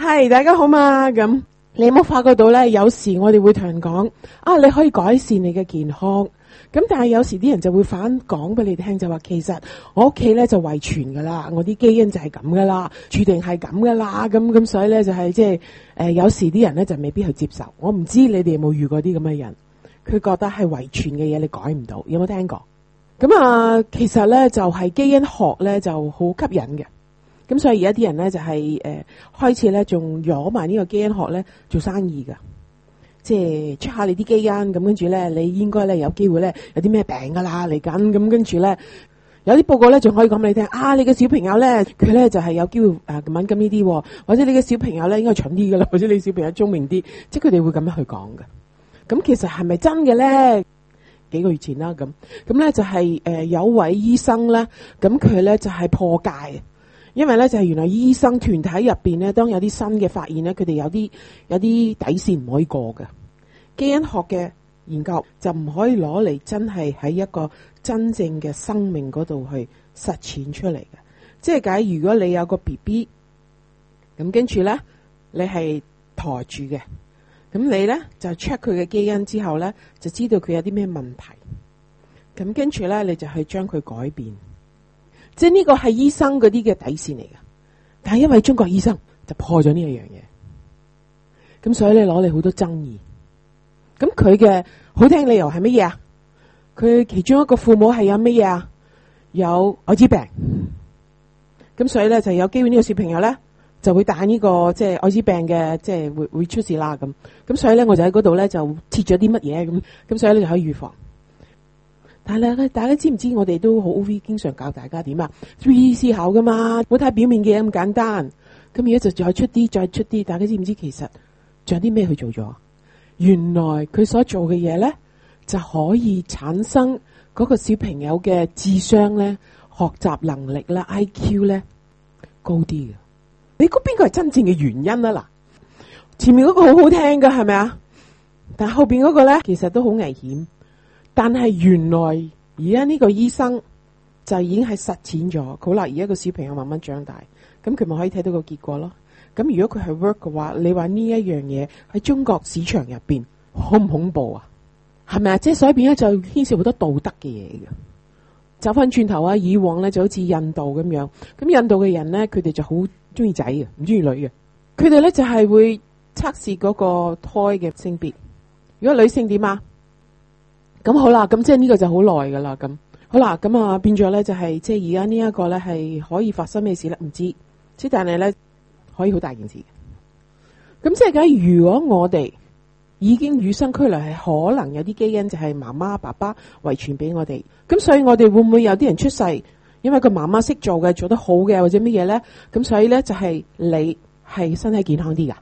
係，大家好嘛？咁你有冇發覺到呢？有時我哋會同人講啊，你可以改善你嘅健康。咁但係有時啲人就會反講俾你聽，就話其實我屋企呢就遺傳噶啦，我啲基因就係咁噶啦，注定係咁噶啦。咁咁所以呢，就係即係誒，有時啲人呢就未必去接受。我唔知你哋有冇遇過啲咁嘅人，佢覺得係遺傳嘅嘢你改唔到，有冇聽過？咁啊，其實呢就係、是、基因學呢就好吸引嘅。咁所以而家啲人咧就係、是、誒、呃、開始咧仲攞埋呢個基因學咧做生意噶，即係 check 下你啲基因咁，跟住咧你應該咧有機會咧有啲咩病噶啦嚟緊咁，跟住咧有啲報告咧仲可以講俾你聽啊，你嘅小朋友咧佢咧就係、是、有機會誒咁樣咁呢啲，或者你嘅小朋友咧應該蠢啲噶啦，或者你小朋友聰明啲，即係佢哋會咁樣去講嘅。咁其實係咪真嘅咧？幾個月前啦，咁咁咧就係、是、誒、呃、有位醫生咧，咁佢咧就係、是、破戒。因為咧就係、是、原來醫生團體入邊咧，當有啲新嘅發現咧，佢哋有啲有啲底線唔可以過嘅，基因學嘅研究就唔可以攞嚟真係喺一個真正嘅生命嗰度去實踐出嚟嘅。即係假如果你有個 BB，咁跟住咧，你係抬住嘅，咁你咧就 check 佢嘅基因之後咧，就知道佢有啲咩問題，咁跟住咧你就去將佢改變。即係呢個係醫生嗰啲嘅底線嚟噶，但係因為中國醫生就破咗呢一樣嘢，咁所以咧攞嚟好多爭議。咁佢嘅好聽理由係乜嘢啊？佢其中一個父母係有乜嘢啊？有艾滋病，咁所以咧就有機會呢個小朋友咧就會打呢個即係艾滋病嘅，即係會會出事啦咁。咁所以咧我就喺嗰度咧就切咗啲乜嘢咁，咁所以咧就可以預防。但係咧，大家知唔知我哋都好經常教大家點啊？注意思考噶嘛，唔好睇表面嘅咁簡單。咁而家就再出啲，再出啲。大家知唔知其實仲有啲咩去做咗？原來佢所做嘅嘢咧，就可以產生嗰個小朋友嘅智商咧、學習能力啦、IQ 咧高啲嘅。你估邊個係真正嘅原因啊？嗱，前面嗰個好好聽噶，係咪啊？但後邊嗰個咧，其實都好危險。但係原來而家呢個醫生就已經係實踐咗，好啦，而一個小朋友慢慢長大，咁佢咪可以睇到個結果咯。咁如果佢係 work 嘅話，你話呢一樣嘢喺中國市場入邊恐唔恐怖啊？係咪啊？即係所以變咗就牽涉好多道德嘅嘢嘅。走翻轉頭啊，以往咧就好似印度咁樣，咁印度嘅人咧，佢哋就好中意仔嘅，唔中意女嘅。佢哋咧就係會測試嗰個胎嘅性別。如果女性點啊？咁好啦，咁即係呢個就好耐噶啦，咁好啦，咁啊變咗咧就係，即係而家呢一個咧係可以發生咩事咧？唔知，即但係咧可以好大件事。咁即係假如果我哋已經與生俱來係可能有啲基因就係媽媽爸爸遺傳俾我哋，咁所以我哋會唔會有啲人出世，因為個媽媽識做嘅做得好嘅或者乜嘢咧？咁所以咧就係你係身體健康啲噶，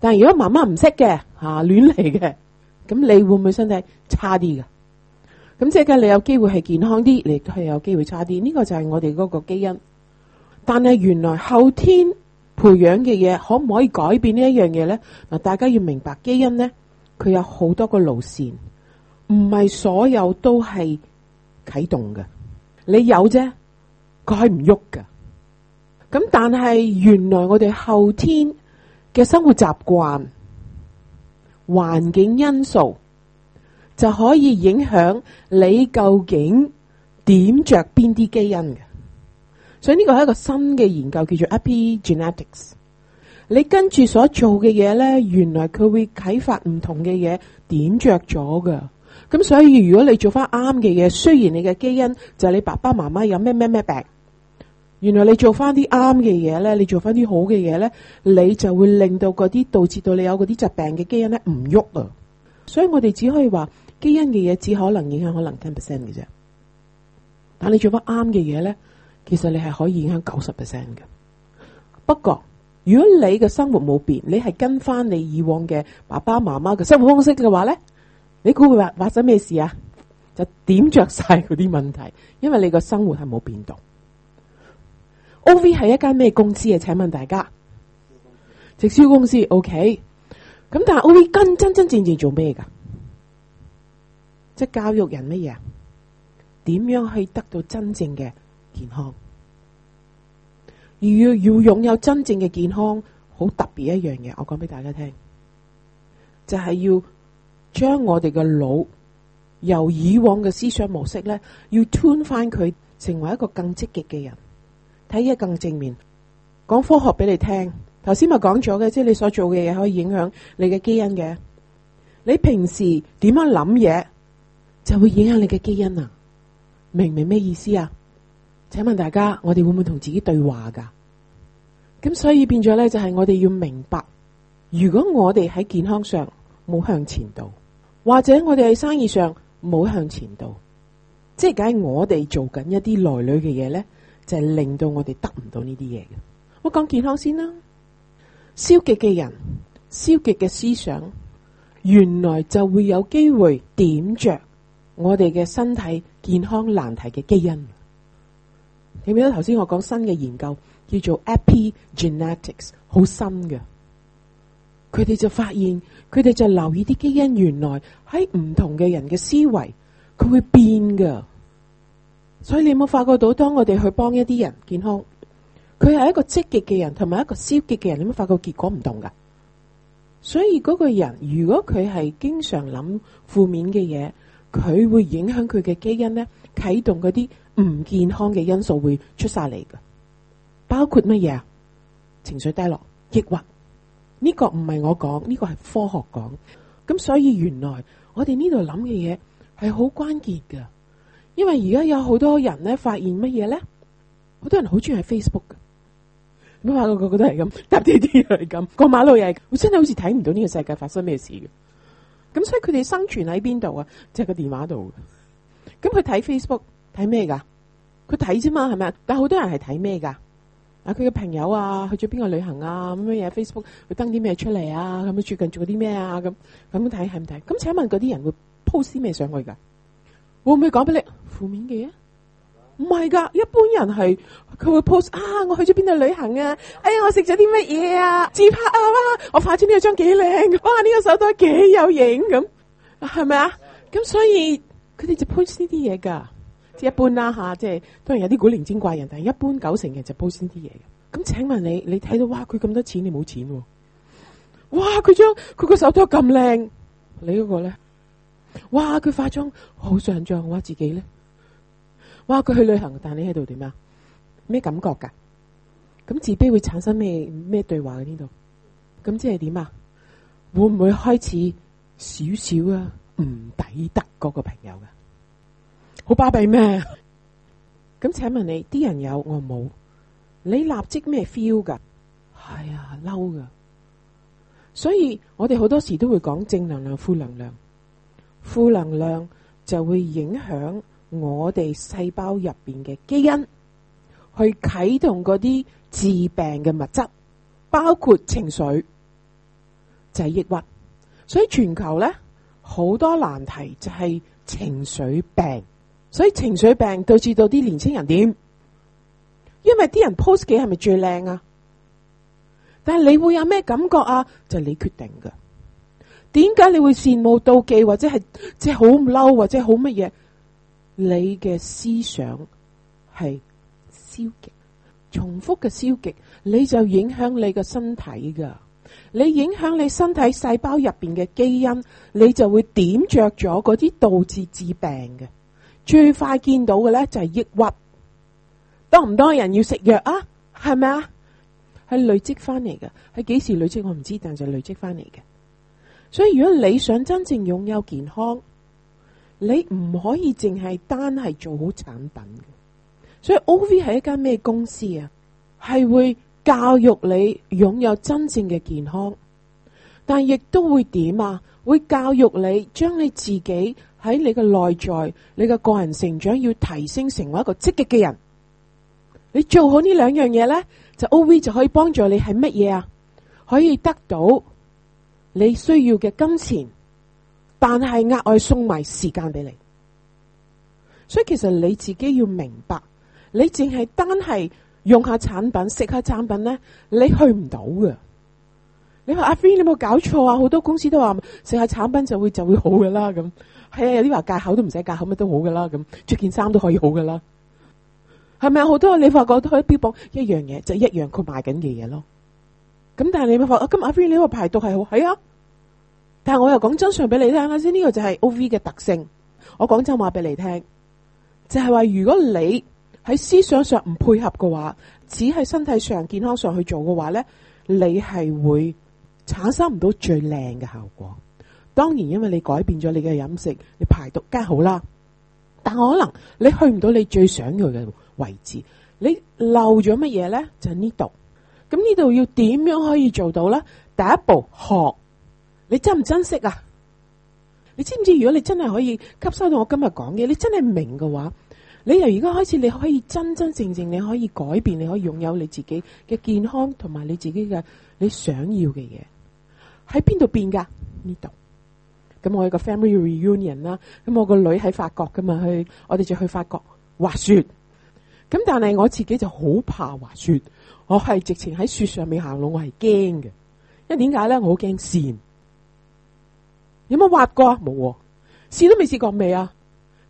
但係如果媽媽唔識嘅吓亂嚟嘅。啊咁你會唔會身體差啲噶？咁即係你有機會係健康啲，你亦都係有機會差啲。呢個就係我哋嗰個基因。但係原來後天培養嘅嘢，可唔可以改變呢一樣嘢咧？嗱，大家要明白基因咧，佢有好多個路線，唔係所有都係啟動嘅。你有啫，佢係唔喐嘅。咁但係原來我哋後天嘅生活習慣。環境因素就可以影響你究竟點着邊啲基因嘅，所以呢個係一個新嘅研究，叫做 epigenetics。你跟住所做嘅嘢咧，原來佢會啟發唔同嘅嘢點着咗嘅，咁所以如果你做返啱嘅嘢，雖然你嘅基因就係你爸爸媽媽有咩咩咩病。原來你做翻啲啱嘅嘢咧，你做翻啲好嘅嘢咧，你就會令到嗰啲導致到你有嗰啲疾病嘅基因咧唔喐啊！ 所以我哋只可以話，基因嘅嘢只可能影響可能 ten percent 嘅啫。但你做翻啱嘅嘢咧，其實你係可以影響九十 percent 嘅。不過如果你嘅生活冇變，你係跟翻你以往嘅爸爸媽媽嘅生活方式嘅話咧，你估會發發生咩事啊？就點着晒嗰啲問題，因為你個生活係冇變動。O V 係一間咩公司啊？請問大家直銷公司 O K 咁，但係 O V 跟真真正正，正，正做咩噶？即係教育人乜嘢？點樣去得到真正嘅健康？而要，要擁有真正嘅健康，好特別一樣嘢。我講俾大家聽，就係、是、要將我哋嘅腦由以往嘅思想模式咧，要 turn 翻佢成為一個更積極嘅人。睇嘢更正面，講科學俾你聽。頭先咪講咗嘅，即係你所做嘅嘢可以影響你嘅基因嘅。你平時點樣諗嘢，就會影響你嘅基因啊！明唔明咩意思啊？請問大家，我哋會唔會同自己對話㗎？咁所以變咗咧，就係我哋要明白，如果我哋喺健康上冇向前度，或者我哋喺生意上冇向前度，即係解我哋做緊一啲內裏嘅嘢咧。就係令到我哋得唔到呢啲嘢嘅。我講健康先啦，消極嘅人、消極嘅思想，原來就會有機會點着我哋嘅身體健康難題嘅基因。你記得頭先我講新嘅研究叫做 epigenetics，好深嘅。佢哋就發現，佢哋就留意啲基因，原來喺唔同嘅人嘅思維，佢會變噶。所以你有冇發覺到，當我哋去幫一啲人健康，佢係一個積極嘅人同埋一個消極嘅人，你有冇發覺結果唔同噶？所以嗰個人如果佢係經常諗負面嘅嘢，佢會影響佢嘅基因咧，啟動嗰啲唔健康嘅因素會出晒嚟噶，包括乜嘢啊？情緒低落、抑鬱，呢個唔係我講，呢個係科學講。咁所以原來我哋呢度諗嘅嘢係好關鍵噶。因為而家有好多人咧，發現乜嘢咧？好多人好中意喺 Facebook 嘅，咩話個，個個都係咁搭地鐵，係咁過馬路又係，我真係好似睇唔到呢個世界發生咩事嘅。咁所以佢哋生存喺邊度啊？即係個電話度。咁佢睇 Facebook 睇咩噶？佢睇啫嘛，係咪？但好多人係睇咩噶？啊，佢嘅朋友啊，去咗邊個旅行啊？咁乜嘢 Facebook 佢登啲咩出嚟啊？咁佢最近做啲咩啊？咁咁睇睇唔睇？咁請問嗰啲人會 post 啲咩上去噶？會唔會講俾你負面嘅啊？唔係噶，一般人係佢會 post 啊，我去咗邊度旅行啊，哎呀，我食咗啲乜嘢啊，自拍啊，我發咗呢張幾靚，哇，呢個手袋幾有型咁，係咪啊？咁所以佢哋就 post 呢啲嘢噶，即係一般啦吓，即係當然有啲古靈精怪人，但係一般九成嘅就 post 呢啲嘢。咁請問你，你睇到哇，佢咁多錢，你冇錢喎？哇，佢張佢個手袋咁靚，你嗰個咧？哇！佢化妝好上相，話自己咧。哇！佢去旅行，但你喺度點啊？咩感覺噶？咁自卑會產生咩咩對話喺呢度？咁即係點啊？會唔會開始少少啊？唔抵得嗰個朋友噶，好巴閉咩？咁 請問你啲人有我冇？你立即咩 feel 噶？係、哎、啊，嬲噶。所以我哋好多時都會講正能量、負能量。負能量就會影響我哋細胞入邊嘅基因，去啟動嗰啲致病嘅物質，包括情緒就係、是、抑鬱。所以全球咧好多難題就係情緒病。所以情緒病導致到啲年青人點？因為啲人 pose 幾係咪最靚啊？但係你會有咩感覺啊？就你決定噶。點解你會羨慕妒忌或者係即係好嬲或者好乜嘢？你嘅思想係消極，重複嘅消極，你就影響你嘅身體噶。你影響你身體細胞入邊嘅基因，你就會點着咗嗰啲導致致病嘅。最快見到嘅咧就係抑鬱，多唔多人要食藥啊？係咪啊？係累積翻嚟嘅，係幾時累積我唔知，但就累積翻嚟嘅。所以如果你想真正擁有健康，你唔可以淨係單係做好產品。所以 O V 係一間咩公司啊？係會教育你擁有真正嘅健康，但亦都會點啊？會教育你將你自己喺你嘅內在、你嘅個人成長要提升，成為一個積極嘅人。你做好呢兩樣嘢咧，就 O V 就可以幫助你係乜嘢啊？可以得到，你需要嘅金錢，但係額外送埋時間俾你，所以其實你自己要明白，你淨係單係用下產品、食下產品咧，你去唔到噶。你話阿 Free，你有冇搞錯啊？好多公司都話食下產品就會就會好噶啦咁，係啊有啲話戒口都唔使戒口咪都好噶啦咁，出件衫都可以好噶啦，係咪啊？好多你發覺都可以標榜一樣嘢，就一樣佢賣緊嘅嘢咯。咁但係你咪話，今日阿 v, 你呢個排毒係好係啊？但係我又講真相俾你聽下先，呢個就係 O V 嘅特性。我講真話俾你聽，就係話如果你喺思想上唔配合嘅話，只係身體上健康上去做嘅話咧，你係會產生唔到最靚嘅效果。當然，因為你改變咗你嘅飲食，你排毒梗係好啦。但可能你去唔到你最想要嘅位置，你漏咗乜嘢咧？就係呢度。咁呢度要點樣可以做到咧？第一步學，你珍唔珍惜啊？你知唔知？如果你真係可以吸收到我今日講嘅，你真係明嘅話，你由而家開始，你可以真真正正，你可以改變，你可以擁有你自己嘅健康同埋你自己嘅你想要嘅嘢。喺邊度變噶？呢度。咁我有個 family reunion 啦，咁我個女喺法國噶嘛，我去我哋就去法國滑雪。咁但係我自己就好怕滑雪。我係直情喺雪上面行路，我係驚嘅，因為點解咧？我好驚線，有冇滑過啊？冇，線都未試過未啊？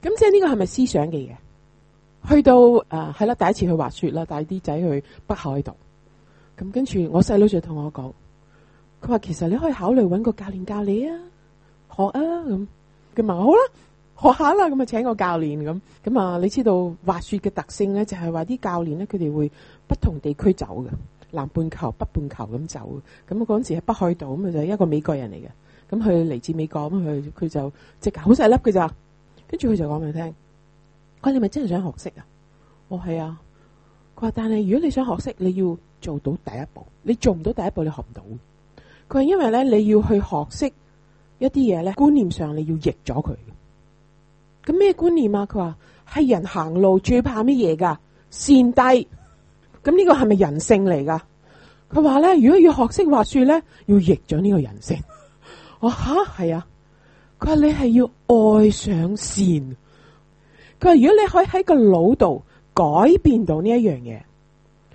咁即係呢個係咪思想嘅嘢？去到誒係啦，第一次去滑雪啦，帶啲仔去北海道。咁跟住我細佬就同我講，佢話其實你可以考慮搵個教練教你啊，學啊咁，佢話好啦。學下啦，咁啊，請個教練咁咁啊。你知道滑雪嘅特性咧，就係話啲教練咧，佢哋會不同地區走嘅，南半球、北半球咁走。咁嗰陣時喺北海道咁啊，就係一個美國人嚟嘅。咁佢嚟自美國咁，佢佢就只好細粒嘅咋。跟住佢就講俾你聽佢：你咪真係想學識啊？我係啊。佢話：但係如果你想學識，你要做到第一步，你做唔到第一步，你學唔到。佢係因為咧，你要去學識一啲嘢咧，觀念上你要逆咗佢咁咩觀念啊？佢話，係人行路最怕乜嘢噶？善低？咁呢個係咪人性嚟噶？佢話咧，如果要學識滑雪咧，要逆咗呢個人性。哦吓，係啊！佢話你係要愛上善。佢話如果你可以喺個腦度改變到呢一樣嘢，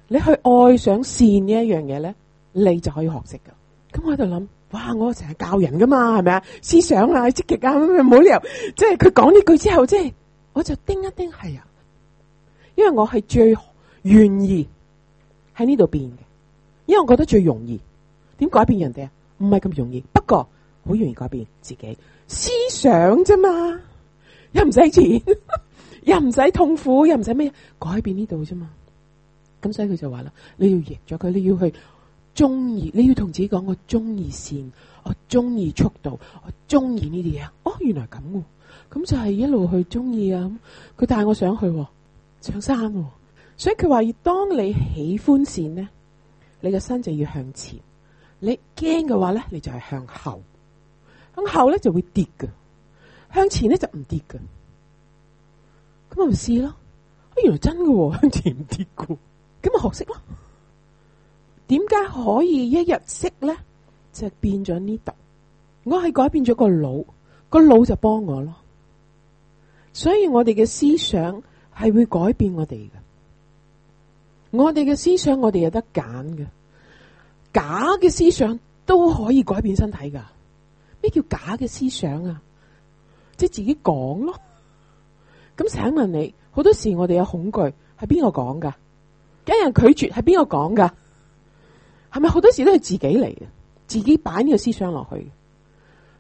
你去愛上善呢一樣嘢咧，你就可以學識噶。咁我喺度諗。哇！我成日教人㗎嘛，係咪啊？思想啊，積極啊，冇理由。即係佢講呢句之後，即係我就叮一叮：「係啊，因為我係最願意喺呢度變嘅，因為我覺得最容易。點改變人哋啊？唔係咁容易，不過好容易改變自己思想啫嘛，又唔使錢， 又唔使痛苦，又唔使咩，改變呢度啫嘛。」咁所以佢就話啦：你要贏咗佢，你要去。中意你要同自己講，我中意線，我中意速度，我中意呢啲嘢哦，原來咁、啊，咁就係一路去中意啊！佢帶我上去、啊、上山、啊，所以佢話要當你喜歡線咧，你嘅身就要向前，你驚嘅話咧，你就係向後，向後咧就會跌嘅，向前咧就唔跌嘅，咁咪試咯、哦，原來真嘅喎、啊，向前唔跌嘅，咁咪學識咯。點解可以一日識咧？就係、是、變咗呢度，我係改變咗個腦，個腦就幫我咯。所以我哋嘅思想係會改變我哋嘅。我哋嘅思想我，我哋有得揀嘅，假嘅思想都可以改變身體噶。咩叫假嘅思想啊？即、就、係、是、自己講咯。咁，請問你好多時我哋有恐懼，係邊個講噶有人拒絕，係邊個講噶係咪好多時都係自己嚟嘅？自己擺呢個思想落去，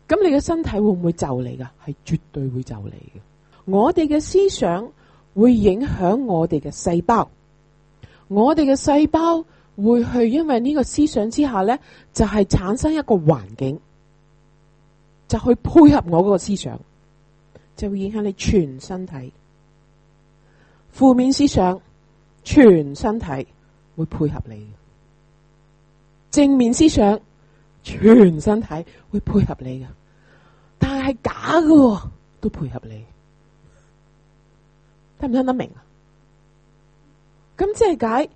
咁你嘅身體會唔會就你噶？係絕對會就你嘅。我哋嘅思想會影響我哋嘅細胞，我哋嘅細胞會去因為呢個思想之下呢，就係產生一個環境，就去配合我嗰個思想，就會影響你全身體。負面思想，全身體會配合你正面思想，全身體會配合你嘅，但係假嘅、哦、都配合你，聽唔聽得明啊？咁即係解，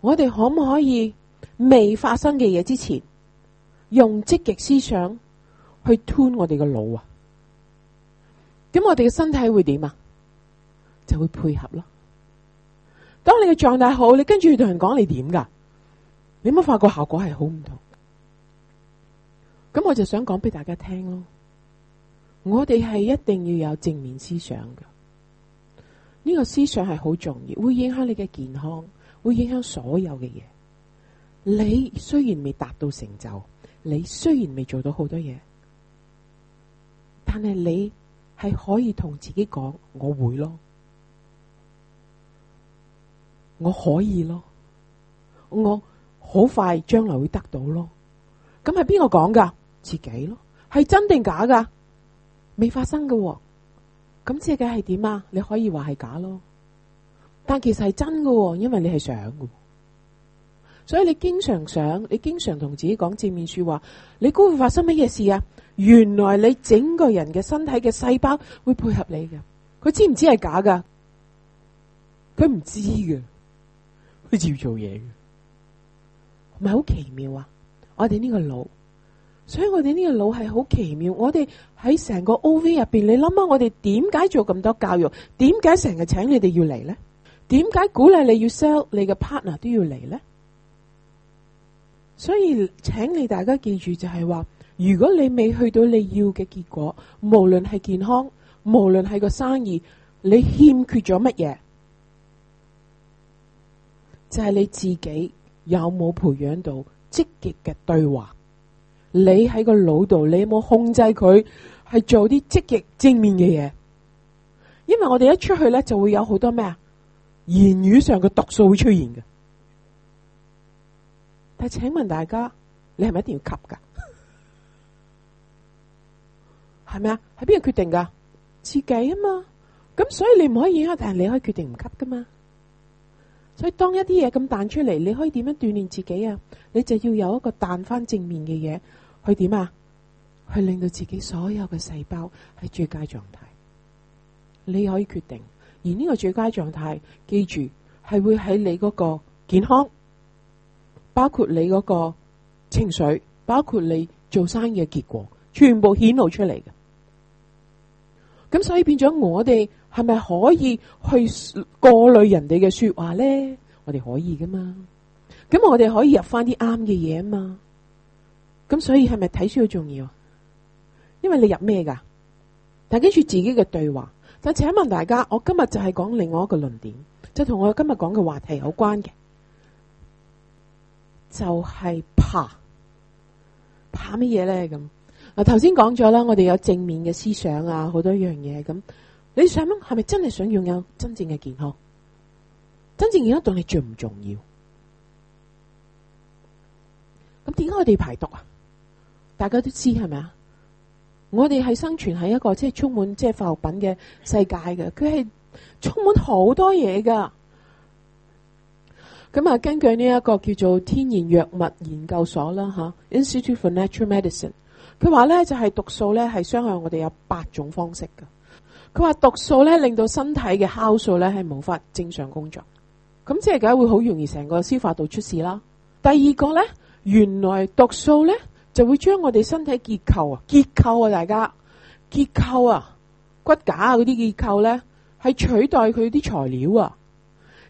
我哋可唔可以未發生嘅嘢之前，用積極思想去吞我哋嘅腦啊？咁我哋嘅身體會點啊？就會配合咯。當你嘅狀態好，你跟住要同人講你點噶？你冇發覺效果係好唔同？咁我就想講俾大家聽咯。我哋係一定要有正面思想嘅，呢個思想係好重要，會影響你嘅健康，會影響所有嘅嘢。你雖然未達到成就，你雖然未做到好多嘢，但係你係可以同自己講，我會咯，我可以咯，我。好快將來會得到咯，咁係邊個講噶？自己咯，係真定假噶？未發生嘅，咁設計係點啊？你可以話係假咯，但其實係真嘅，因為你係想嘅，所以你經常想，你經常同自己講正面說話。你估會發生乜嘢事啊？原來你整個人嘅身體嘅細胞會配合你嘅，佢知唔知係假噶？佢唔知嘅，佢照做嘢嘅。係咪好奇妙啊！我哋呢個腦，所以我哋呢個腦係好奇妙。我哋喺成個 O V 入邊，你諗下，我哋點解做咁多教育？點解成日請你哋要嚟呢？點解鼓勵你要 sell 你嘅 partner 都要嚟呢？所以，請你大家記住，就係話，如果你未去到你要嘅結果，無論係健康，無論係個生意，你欠缺咗乜嘢？就係你自己。有冇培養到積極嘅對話？你喺個腦度，你有冇控制佢係做啲積極正面嘅嘢？因為我哋一出去咧，就會有好多咩啊，言語上嘅毒素會出現嘅。但係請問大家，你係咪一定要吸噶？係咪啊？係邊個決定噶？自己啊嘛。咁所以你唔可以影響，但係你可以決定唔吸噶嘛。佢當一啲嘢咁彈出嚟，你可以點樣鍛煉自己啊？你就要有一個彈翻正面嘅嘢去點啊？去令到自己所有嘅細胞係最佳狀態。你可以決定，而呢個最佳狀態，記住係會喺你嗰個健康，包括你嗰個情緒，包括你做生意嘅結果，全部顯露出嚟嘅。咁所以變咗我哋係咪可以去過濾人哋嘅說話咧？我哋可以噶嘛？咁我哋可以入翻啲啱嘅嘢啊嘛？咁所以係咪睇書好重要？因為你入咩噶？但跟住自己嘅對話。但請問大家，我今日就係講另外一個論點，就同我今日講嘅話題有關嘅，就係怕怕乜嘢咧？咁嗱，頭先講咗啦，我哋有正面嘅思想啊，好多樣嘢咁。你想乜？係咪真係想擁有真正嘅健康？真正健康對你重唔重要？咁點解我哋排毒啊？大家都知係咪啊？我哋係生存喺一個即係充滿即係化學品嘅世界嘅，佢係充滿好多嘢噶。咁啊，根據呢、這、一個叫做天然藥物研究所啦，吓、啊、Institute for Natural Medicine，佢話咧就係、是、毒素咧係傷害我哋有八種方式噶。佢話毒素咧令到身體嘅酵素咧係冇法正常工作。咁即係，梗會好容易成個消化道出事啦。第二個咧，原來毒素咧就會將我哋身體結構，結構啊，結構啊，大家結構啊，骨架啊嗰啲結構咧係取代佢啲材料啊。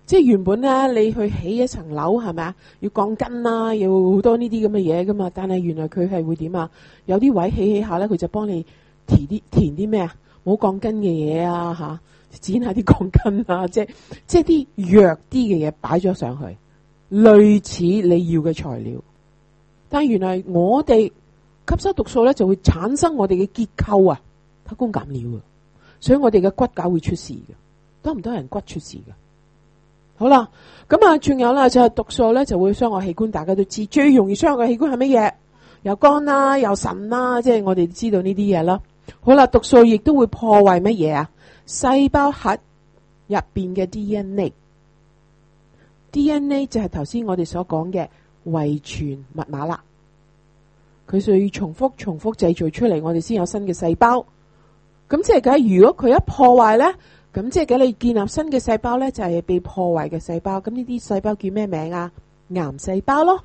即係原本咧，你去起一層樓係咪啊？要鋼筋啦，要好多呢啲咁嘅嘢噶嘛。但係原來佢係會點啊？有啲位起起下咧，佢就幫你填啲填啲咩啊？冇鋼筋嘅嘢啊，吓。剪下啲鋼筋啊，即係即係啲弱啲嘅嘢擺咗上去，類似你要嘅材料。但係原來我哋吸收毒素咧，就會產生我哋嘅結構啊，偷工減料啊，所以我哋嘅骨架會出事嘅。多唔多人骨出事嘅？好啦，咁啊，仲有啦，就係毒素咧就會傷害器官，大家都知最容易傷害嘅器官係乜嘢？又肝啦，又腎啦，即係我哋知道呢啲嘢啦。好啦，毒素亦都會破壞乜嘢啊？細胞核入邊嘅 DNA，DNA 就係頭先我哋所講嘅遺傳密碼啦。佢需要重複重複製造出嚟，我哋先有新嘅細胞。咁即係，如果佢一破壞咧，咁即係，你建立新嘅細胞咧，就係被破壞嘅細胞。咁呢啲細胞叫咩名啊？癌細胞咯。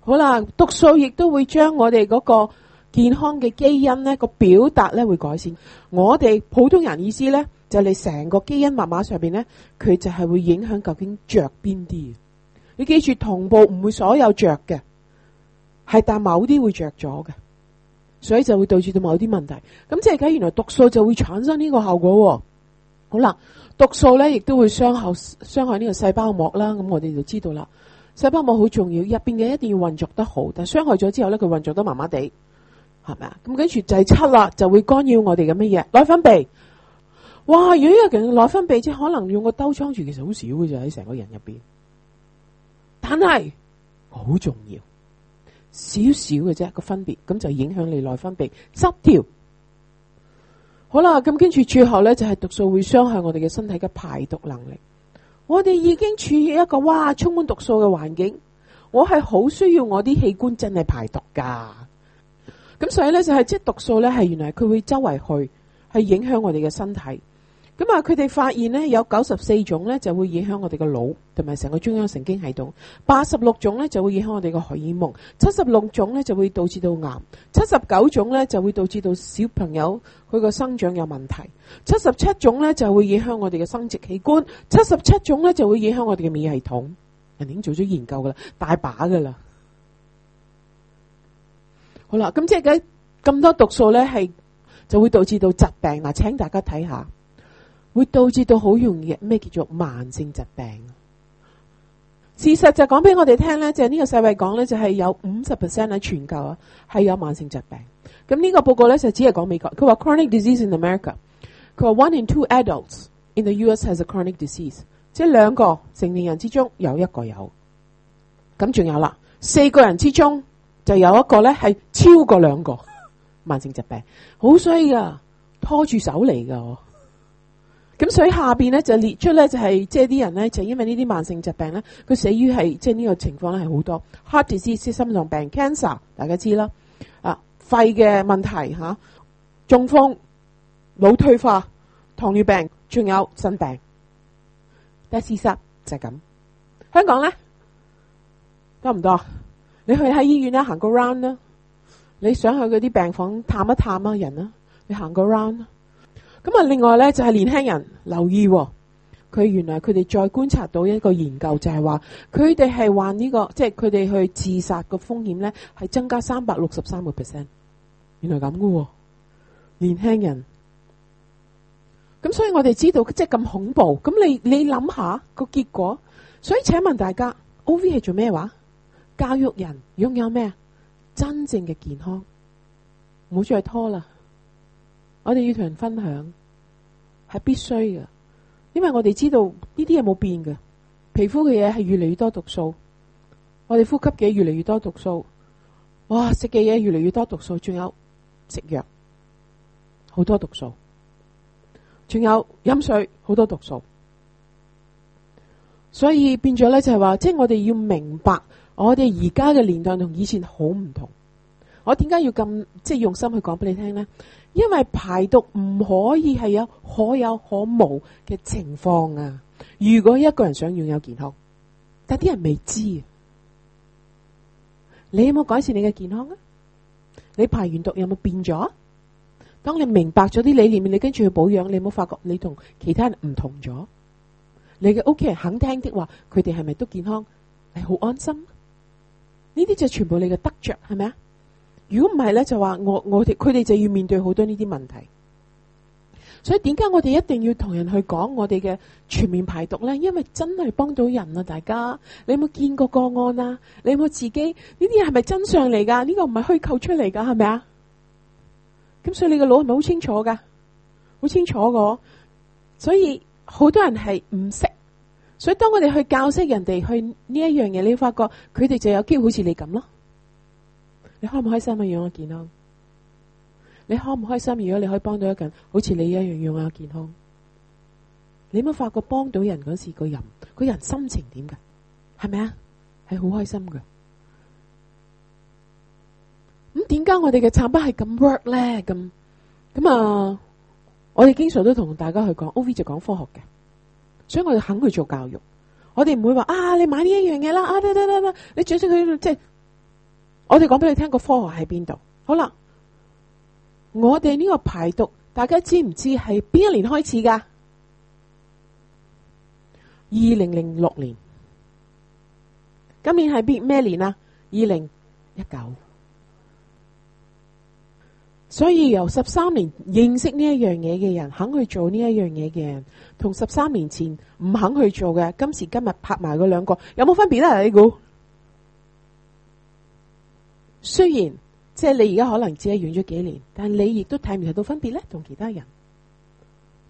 好啦，毒素亦都會將我哋嗰個。健康嘅基因咧，個表達咧，會改善。我哋普通人意思咧就係你成個基因密碼上邊咧，佢就係會影響究竟着邊啲。你記住同步唔會所有着嘅，係但某啲會着咗嘅，所以就會導致到某啲問題。咁即係睇原來毒素就會產生呢個效果。好啦，毒素咧亦都會傷後傷害呢個細胞膜啦。咁我哋就知道啦，細胞膜好重要，入邊嘅一定要運作得好。但係傷害咗之後咧，佢運作得麻麻地。係咪啊？咁跟住就係七啦，就會干擾我哋嘅乜嘢內分泌。哇！如果有一個人內分泌即可能用個兜裝住，其實好少嘅就喺成個人入邊。但係好重要，少少嘅啫，個分別咁就影響你內分泌失調。好啦，咁跟住最後咧就係、是、毒素會傷害我哋嘅身體嘅排毒能力。我哋已經處於一個哇充滿毒素嘅環境，我係好需要我啲器官真係排毒噶。咁所以咧就係、是、即係毒素咧係原來佢會周圍去係影響我哋嘅身體，咁啊佢哋發現呢，有九十四種咧就會影響我哋嘅腦同埋成個中央神經系統，八十六種咧就會影響我哋嘅荷爾蒙，七十六種咧就會導致到癌，七十九種咧就會導致到小朋友佢個生長有問題，七十七種咧就會影響我哋嘅生殖器官，七十七種咧就會影響我哋嘅免疫系統，人已經做咗研究噶啦，大把噶啦。好啦，咁即係咁咁多毒素咧，係就會導致到疾病。嗱，請大家睇下，會導致到好容易咩叫做慢性疾病。事實就講俾我哋聽咧，就係呢個世衛講咧，就係有五十 percent 喺全球啊，係有慢性疾病。咁呢個報告咧就只係講美國，佢話 chronic disease in America，佢話 one in two adults in the U.S. has a chronic disease，即係兩個成年人之中有一個有。咁仲有啦，四個人之中。就有一個咧係超過兩個慢性疾病，好衰噶，拖住手嚟噶。咁所以下邊咧就列出咧就係即係啲人咧就係、因為呢啲慢性疾病咧佢死於係即係呢個情況咧係好多 Heart disease 心臟病 cancer 大家知啦，啊肺嘅問題吓、啊、中風腦退化、糖尿病，仲有腎病，但係事實就係、係、咁。香港咧多唔多？你去喺醫院啦，行個 round 啦，你想去嗰啲病房探一探啊人啊，你行個 round 啦。咁啊，另外咧就係、是、年輕人留意、哦，佢原來佢哋再觀察到一個研究就、這個，就係話佢哋係患呢個，即係佢哋去自殺個風險咧係增加三百六十三個 percent。原來咁噶喎，年輕人。咁所以我哋知道即係咁恐怖。咁你你諗下個結果。所以請問大家，O V 係做咩話？教育人擁有咩啊？真正嘅健康唔好再拖啦。我哋要同人分享係必須嘅，因為我哋知道呢啲嘢冇變嘅皮膚嘅嘢係越嚟越多毒素，我哋呼吸嘅越嚟越多毒素，哇！食嘅嘢越嚟越多毒素，仲有食藥好多毒素，仲有飲水好多毒素，所以變咗咧就係話，即係我哋要明白。我哋而家嘅年代同以前好唔同我。我點解要咁即係用心去講俾你聽呢？因為排毒唔可以係有可有可無嘅情況啊！如果一個人想擁有健康，但啲人未知啊。你有冇改善你嘅健康啊？你排完毒有冇變咗？當你明白咗啲理念，你跟住去保養，你有冇發覺你同其他人唔同咗？你嘅屋企人肯聽啲話，佢哋係咪都健康？係好安心。呢啲就全部你嘅得着係咪啊？如果唔係咧，就話我我哋、佢哋就要面對好多呢啲問題。所以點解我哋一定要同人去講我哋嘅全面排毒咧？因為真係幫到人啊！大家你有冇見過個案啊？你有冇自己呢啲係咪真相嚟噶？呢個唔係虛構出嚟噶，係咪啊？咁所以你個腦係咪好清楚噶？好清楚噶，所以好多人係唔識。所以當我哋去教識人哋去呢一樣嘢，你會發覺佢哋就有機會好似你咁咯。你開唔開心啊？養啊健康。你開唔開心？如果你可以幫到一個人，好似你一樣養啊健康。你有冇發覺幫到人嗰時，個人個人心情點噶？係咪啊？係好開心噶。咁點解我哋嘅產品係咁 work 咧？咁咁啊！我哋經常都同大家去講，O V 就講科學嘅。所以我哋肯去做教育，我哋唔會話啊，你買呢一樣嘢啦，啊，得得得得，你轉出佢，即係我哋講俾你聽個科學喺邊度。好啦，我哋呢個排毒，大家知唔知係邊一年開始噶？二零零六年，今年係邊咩年啊？二零一九，所以由十三年認識呢一樣嘢嘅人，肯去做呢一樣嘢嘅人。從十三年前唔肯去做嘅，今時今日拍埋嗰兩個有冇分別咧？你估？雖然即係你而家可能只係遠咗幾年，但你亦都睇唔睇到分別咧？同其他人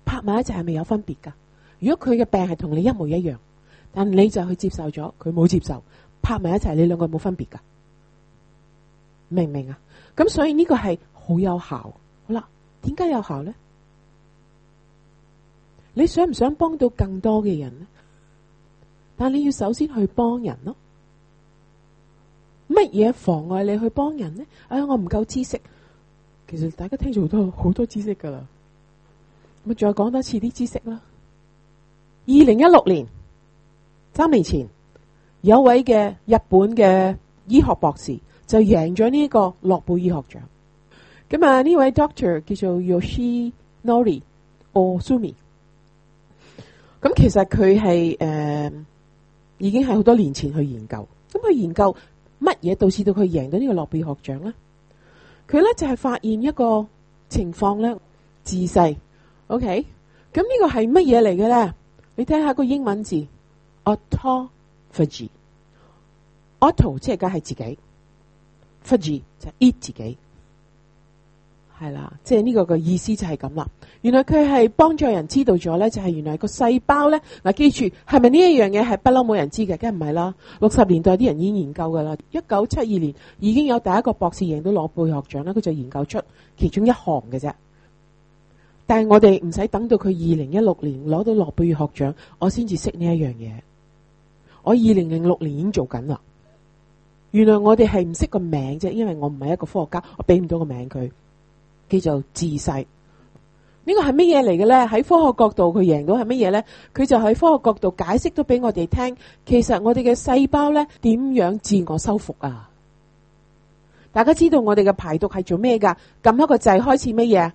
拍埋一齊係咪有分別噶如果佢嘅病係同你一模一樣，但你就去接受咗，佢冇接受，拍埋一齊，你兩個冇分別噶明唔明啊？咁所以呢個係好有效。好啦，點解有效咧？你想唔想幫到更多嘅人呢？但你要首先去幫人咯。乜嘢妨礙你去幫人呢？唉、哎，我唔夠知識。其實大家聽咗好多好多知識噶啦，我再講多次啲知識啦。二零一六年，三年前，有位嘅日本嘅醫學博士就贏咗呢個諾貝爾醫學獎。咁啊呢位 doctor 叫做 Yoshi Nori Osumi。咁其實佢係誒，uh, 已經係好多年前去研究。咁佢研究乜嘢導致到佢贏咗呢個諾貝爾學獎咧？佢咧就係、是、發現一個情況咧，自細，OK。咁呢個係乜嘢嚟嘅咧？你睇下個英文字，autophagy，auto 即係梗係自己，phagy 就係、是、it、e、自己。係啦，即係呢個嘅意思就係咁啦。原來佢係幫助人知道咗呢，就係、是、原來個細胞呢。嗱，記住係咪呢一樣嘢係不嬲冇人知嘅？梗係唔係啦。六十年代啲人已經研究噶啦，一九七二年已經有第一個博士贏到諾貝爾學獎啦，佢就研究出其中一項嘅啫。但係我哋唔使等到佢二零一六年攞到諾貝爾學獎，我先至識呢一樣嘢。我二零零六年已經做緊啦。原來我哋係唔識個名啫，因為我唔係一個科學家，我俾唔到個名佢。叫做自細，這個、呢個係乜嘢嚟嘅咧？喺科學角度，佢贏到係乜嘢咧？佢就喺科學角度解釋到俾我哋聽，其實我哋嘅細胞咧點樣自我修復啊？大家知道我哋嘅排毒係做咩噶？撳一個掣開始乜嘢？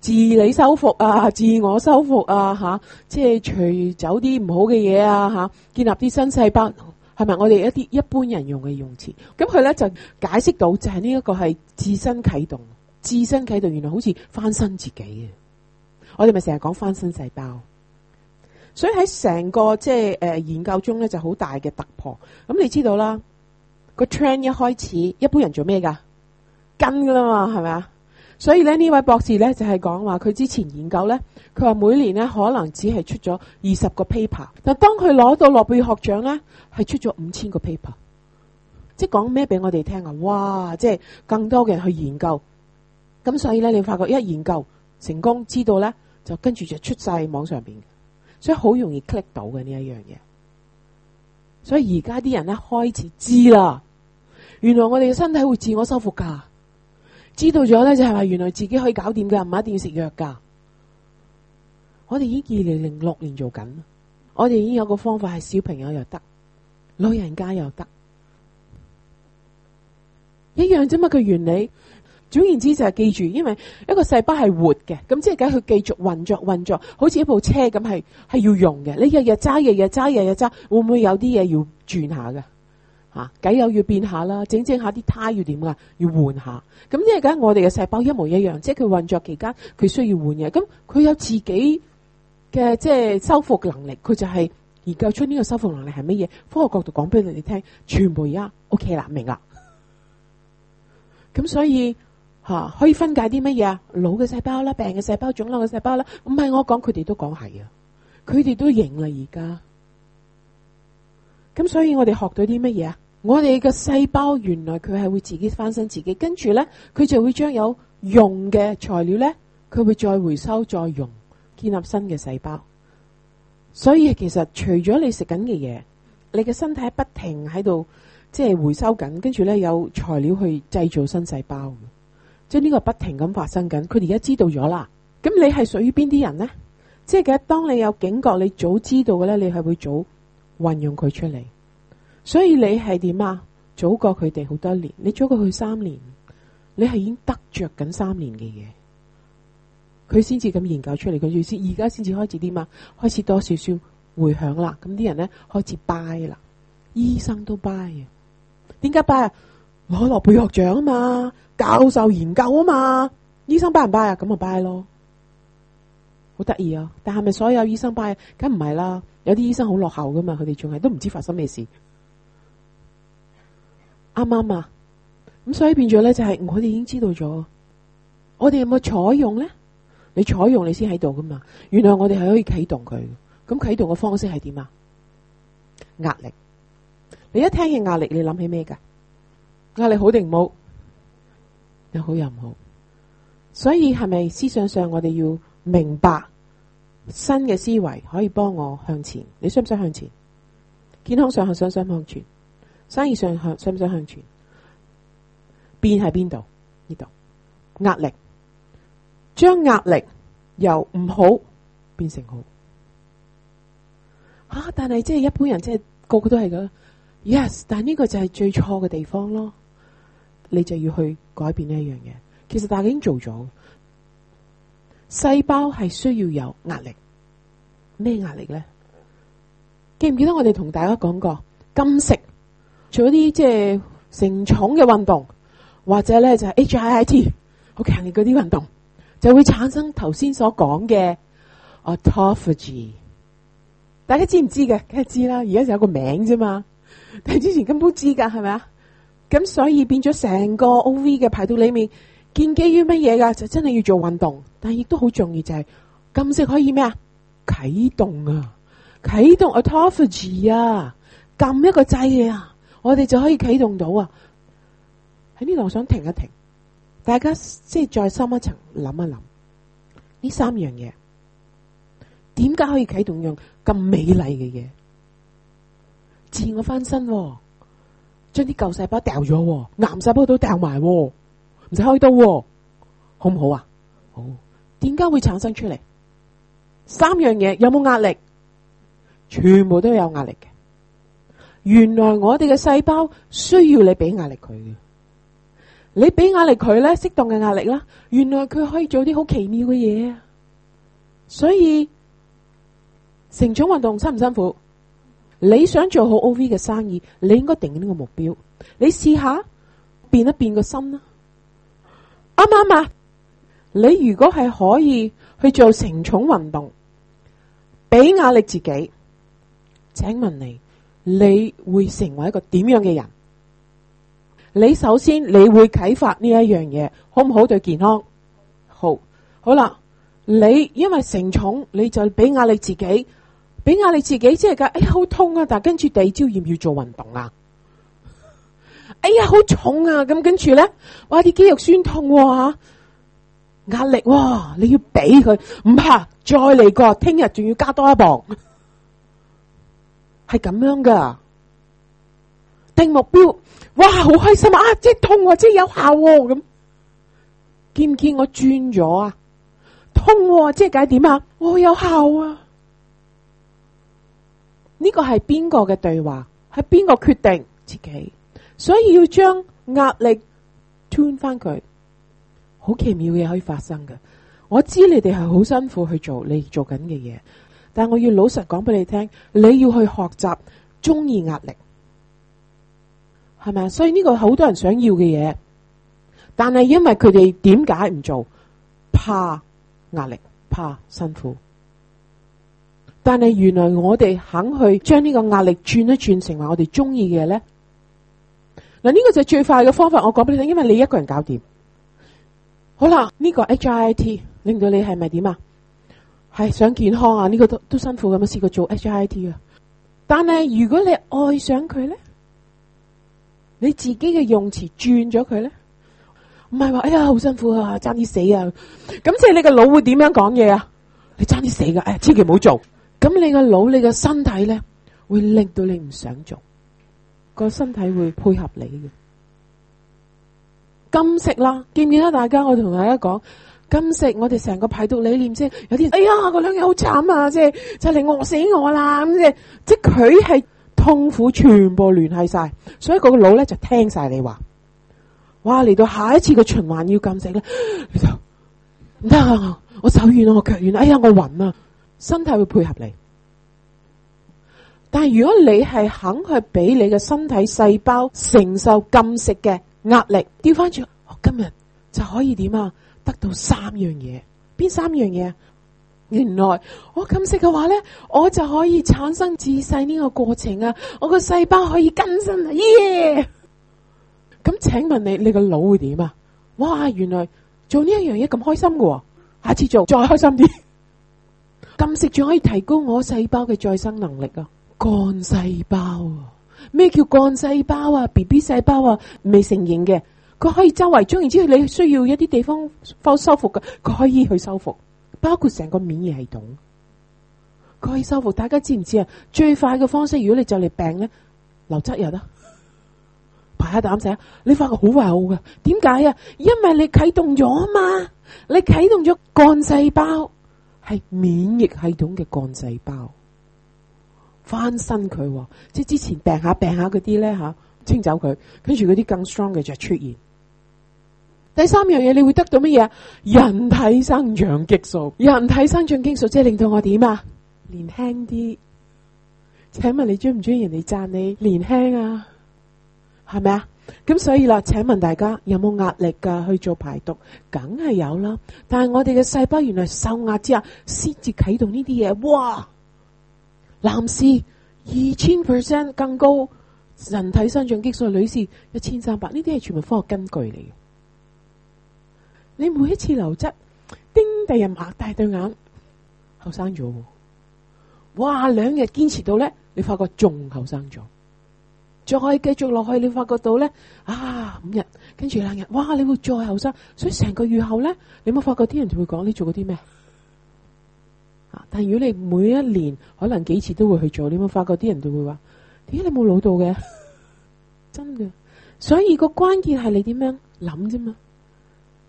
自理修復啊，自我修復啊，吓，即係除走啲唔好嘅嘢啊，吓，建立啲新細胞係咪？是是我哋一啲一般人用嘅用詞，咁佢咧就解釋到就係呢一個係自身啟動。自身啟動原來好似翻身自己嘅，我哋咪成日講翻身細胞，所以喺成個即係誒研究中咧就好大嘅突破。咁你知道啦，個 train 一開始一般人做咩噶跟噶啦嘛，係咪啊？所以咧呢位博士咧就係講話佢之前研究咧，佢話每年咧可能只係出咗二十個 paper，但當佢攞到諾貝爾學獎咧，係出咗五千個 paper，即係講咩俾我哋聽啊？哇！即係更多嘅人去研究。咁所以咧，你發覺一研究成功，知道咧，就跟住就出晒網上邊，所以好容易 click 到嘅呢一樣嘢。所以而家啲人咧開始知啦，原來我哋嘅身體會自我修復噶，知道咗咧就係話原來自己可以搞掂噶，唔係一定要食藥噶我哋已經二零零六年做緊，我哋已經有個方法係小朋友又得，老人家又得，一樣啫嘛，個原理。總言之就係記住，因為一個細胞係活嘅，咁即係梗佢繼續運作運作，好似一部車咁係係要用嘅。你日日揸，日日揸，日日揸，會唔會有啲嘢要轉下噶？吓、啊，梗又要變下啦，整整下啲胎要點噶？要換下。咁即係梗，我哋嘅細胞一模一樣，即係佢運作期間佢需要換嘅，咁佢有自己嘅即係修復能力，佢就係研究出呢個修復能力係乜嘢？科學角度講俾你哋聽，全部而家 OK 啦，明啦。咁所以。吓，可以分解啲乜嘢啊？老嘅細胞啦、病嘅細胞、腫瘤嘅細胞啦，唔係我講，佢哋都講係啊，佢哋都認啦。而家咁，所以我哋學到啲乜嘢啊？我哋嘅細胞原來佢係會自己翻身自己，跟住咧佢就會將有用嘅材料咧，佢會再回收再用，建立新嘅細胞。所以其實除咗你食緊嘅嘢，你嘅身體不停喺度即係回收緊，跟住咧有材料去製造新細胞。即係呢個不停咁發生緊，佢哋而家知道咗啦。咁你係屬於邊啲人呢？即係嘅，當你有警覺，你早知道嘅咧，你係會早運用佢出嚟。所以你係點啊？早過佢哋好多年，你早過去三年，你係已經得着緊三年嘅嘢。佢先至咁研究出嚟，佢要先而家先至開始點啊？開始多少少回響啦。咁啲人咧開始 buy 啦，醫生都 buy 啊？點解 buy 啊？攞諾貝爾獎啊嘛，教授研究啊嘛，醫生拜唔拜啊？咁咪拜咯，好得意啊！但係咪所有醫生拜？梗唔係啦，有啲醫生好落後噶嘛，佢哋仲係都唔知發生咩事。啱唔啱啊？咁所以變咗咧、就是，就係我哋已經知道咗，我哋有冇採用咧？你採用你先喺度噶嘛？原來我哋係可以啟動佢，咁啟動嘅方式係點啊？壓力，你一聽嘅壓力，你諗起咩噶？壓力好定冇，有好又唔好，所以係咪思想上我哋要明白新嘅思維可以幫我向前？你想唔想向前？健康上係想唔想向前？生意上係想唔想向前？變喺邊度？呢度壓力，將壓力由唔好變成好。吓、啊，但係即係一般人即係個個都係㗎，yes，但係呢個就係最錯嘅地方咯。你就要去改變呢一樣嘢，其實大家已經做咗。細胞係需要有壓力，咩壓力咧？記唔記得我哋同大家講過，進食做啲即係成重嘅運動，或者咧就係、是、HIIT，好強烈嗰啲運動，就會產生頭先所講嘅 autophagy。大家知唔知嘅？梗係知啦，而家就有一個名啫嘛。但係之前根本知噶，係咪啊？咁所以變咗成個 O V 嘅排到裏面，建基於乜嘢噶？就真係要做運動，但亦都好重要就係、是，禁食可以咩啊？啟動啊，啟動 autophagy 啊，撳一個掣啊，我哋就可以啟動到啊。喺呢度想停一停，大家即係再深一層諗一諗，呢三樣嘢，點解可以啟動用咁美麗嘅嘢，自我翻身？將啲舊細胞掉咗，癌細胞都掉埋，唔使開刀，好唔好啊？好、哦，點解會產生出嚟？三樣嘢有冇壓力？全部都有壓力嘅。原來我哋嘅細胞需要你俾壓力佢，嗯、你俾壓力佢咧，適當嘅壓力啦。原來佢可以做啲好奇妙嘅嘢，所以成長運動辛唔辛苦？你想做好 OV 嘅生意，你應該定呢個目標。你試下變一變個心啦，啱唔啱啊？你如果係可以去做成重運動，俾壓力自己，請問你你會成為一個點樣嘅人？你首先你會啟發呢一樣嘢，好唔好對健康？好，好啦，你因為成重，你就俾壓力自己。俾壓你自己即係噶，哎好痛啊！但跟住第二朝要唔要做運動啊？哎呀好重啊！咁跟住咧，哇啲肌肉酸痛啊，壓力哇！你要俾佢唔怕，再嚟過，聽日仲要加多一磅，係咁樣噶。定目標哇，好開心啊！啊即係痛啊，即係有效咁。見唔見我轉咗啊？痛即係解點啊？我有效啊！呢個係邊個嘅對話？係邊個決定自己？所以要將壓力 turn 翻佢，好奇妙嘅嘢可以發生嘅。我知你哋係好辛苦去做你做緊嘅嘢，但係我要老實講俾你聽，你要去學習鍾意壓力，係咪啊？所以呢個好多人想要嘅嘢，但係因為佢哋點解唔做？怕壓力，怕辛苦。但係原來我哋肯去將呢個壓力轉一轉，成為我哋中意嘅嘢咧。嗱，呢個就係最快嘅方法。我講俾你聽，因為你一個人搞掂好啦。呢、這個 H I T 令到你係咪點啊？係、哎、想健康啊？呢、這個都都辛苦咁，試過做 H I T 啊。但係如果你愛上佢咧，你自己嘅用詞轉咗佢咧，唔係話哎呀好辛苦啊，爭啲死啊。咁即係你個腦會點樣講嘢？啊你爭啲死噶，誒、哎，千祈唔好做。咁你個腦、你個身體咧，會令到你唔想做，個身體會配合你嘅。禁食啦，見唔見得大家？我同大家講禁食，我哋成個排毒理念先有啲。哎呀，嗰兩日好慘啊，即係就嚟餓死我啦，即係即係佢係痛苦，全部聯繫晒，所以個腦咧就聽晒你話。哇！嚟到下一次個循環要禁食咧，你就唔得，我手軟啦，我腳軟，哎呀，我暈啦。身體會配合你，但係如果你係肯去俾你嘅身體細胞承受禁食嘅壓力，調翻轉，我今日就可以點啊？得到三樣嘢，邊三樣嘢？原來我禁食嘅話咧，我就可以產生自細呢個過程啊！我個細胞可以更新啊！耶！咁請問你，你個腦會點啊？哇！原來做呢一樣嘢咁開心嘅，下次做再開心啲。禁食仲可以提高我細胞嘅再生能力啊！幹細胞啊，咩叫幹細胞啊？B B 細胞啊，未成型嘅，佢可以周圍中，然之後你需要一啲地方放修復嘅，佢可以去修復，包括成個免疫系統，佢可以修復。大家知唔知啊？最快嘅方式，如果你就嚟病咧，留汁日啊。排下膽水，你發覺壞好快好嘅，點解啊？因為你啟動咗啊嘛，你啟動咗幹細胞。免疫系統嘅幹細胞翻新佢，即係之前病下病下嗰啲咧吓清走佢，跟住嗰啲更 strong 嘅就出現。第三樣嘢你會得到乜嘢？人體生長激素，人體生長激素即係令到我點啊年輕啲。請問你中唔中意人哋讚你年輕啊？係咪啊？咁所以啦，請問大家有冇壓力噶去做排毒？梗係有啦，但係我哋嘅細胞原來受壓之下先至啟動呢啲嘢。哇！男士二千 percent 更高，人體生長激素，女士一千三百，呢啲係全部科學根據嚟嘅。你每一次流質，丁地人擘大對眼，後生咗。哇！兩日堅持到咧，你發覺仲後生咗。再繼續落去，你發覺到咧啊五日，跟住兩日，哇！你會再後生，所以成個月後咧，你冇發覺啲人就會講你做過啲咩？啊！但如果你每一年可能幾次都會去做，你冇發覺啲人就會話，點解你冇老到嘅，真嘅。所以個關鍵係你點樣諗啫嘛？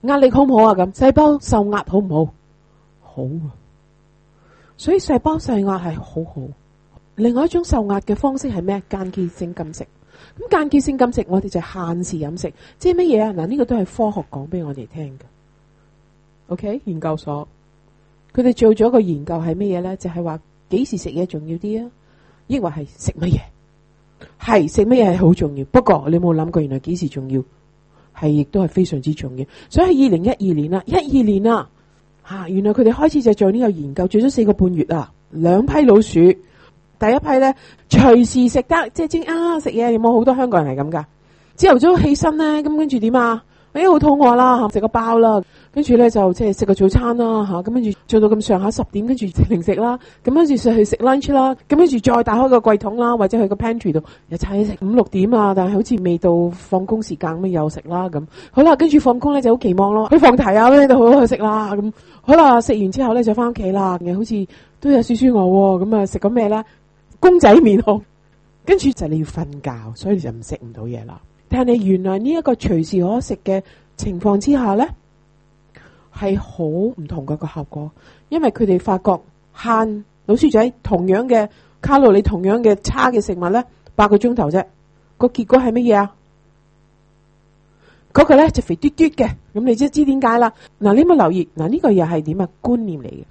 壓力好唔好啊？咁細胞受壓好唔好？好啊！所以細胞受壓係好好。另外一種受壓嘅方式係咩？間歇性禁食，咁間歇性禁食，禁食我哋就限時飲食，即係乜嘢啊？嗱，呢個都係科學講俾我哋聽嘅。OK，研究所佢哋做咗個研究係乜嘢咧？就係話幾時食嘢重要啲啊？抑或係食乜嘢係食乜嘢係好重要？不過你冇諗過原，原來幾時重要係亦都係非常之重要。所以喺二零一二年啦，一二年啦嚇，原來佢哋開始就做呢個研究，做咗四個半月啊，兩批老鼠。第一批咧，隨時食得即係即啊。食嘢，有冇好多香港人係咁噶？朝頭早上起身咧，咁跟住點啊？哎，好肚餓啦，食個包啦。跟住咧就即係食個早餐啦，吓，咁跟住做到咁上下十點，跟住食零食啦。咁跟住上去食 lunch 啦。咁跟住再打開個櫃桶啦，或者去個 pantry 度又拆嚟食。五六點啊，但係好似未到放工時間咁又食啦。咁好啦，跟住放工咧就好期望咯，去放題啊咩都好去食啦。咁好啦，食完之後咧就翻屋企啦。好似都有酸酸餓喎。咁啊食緊咩咧？公仔麵哦，跟住就你要瞓覺，所以就唔食唔到嘢啦。但係原來呢一個隨時可食嘅情況之下咧，係好唔同嘅個效果，因為佢哋發覺限老鼠仔同樣嘅卡路里，同樣嘅差嘅食物咧，八個鐘頭啫，個結果係乜嘢啊？嗰個咧就肥嘟嘟嘅，咁你即知點解啦？嗱，你咪留意嗱呢個又係點啊觀念嚟嘅，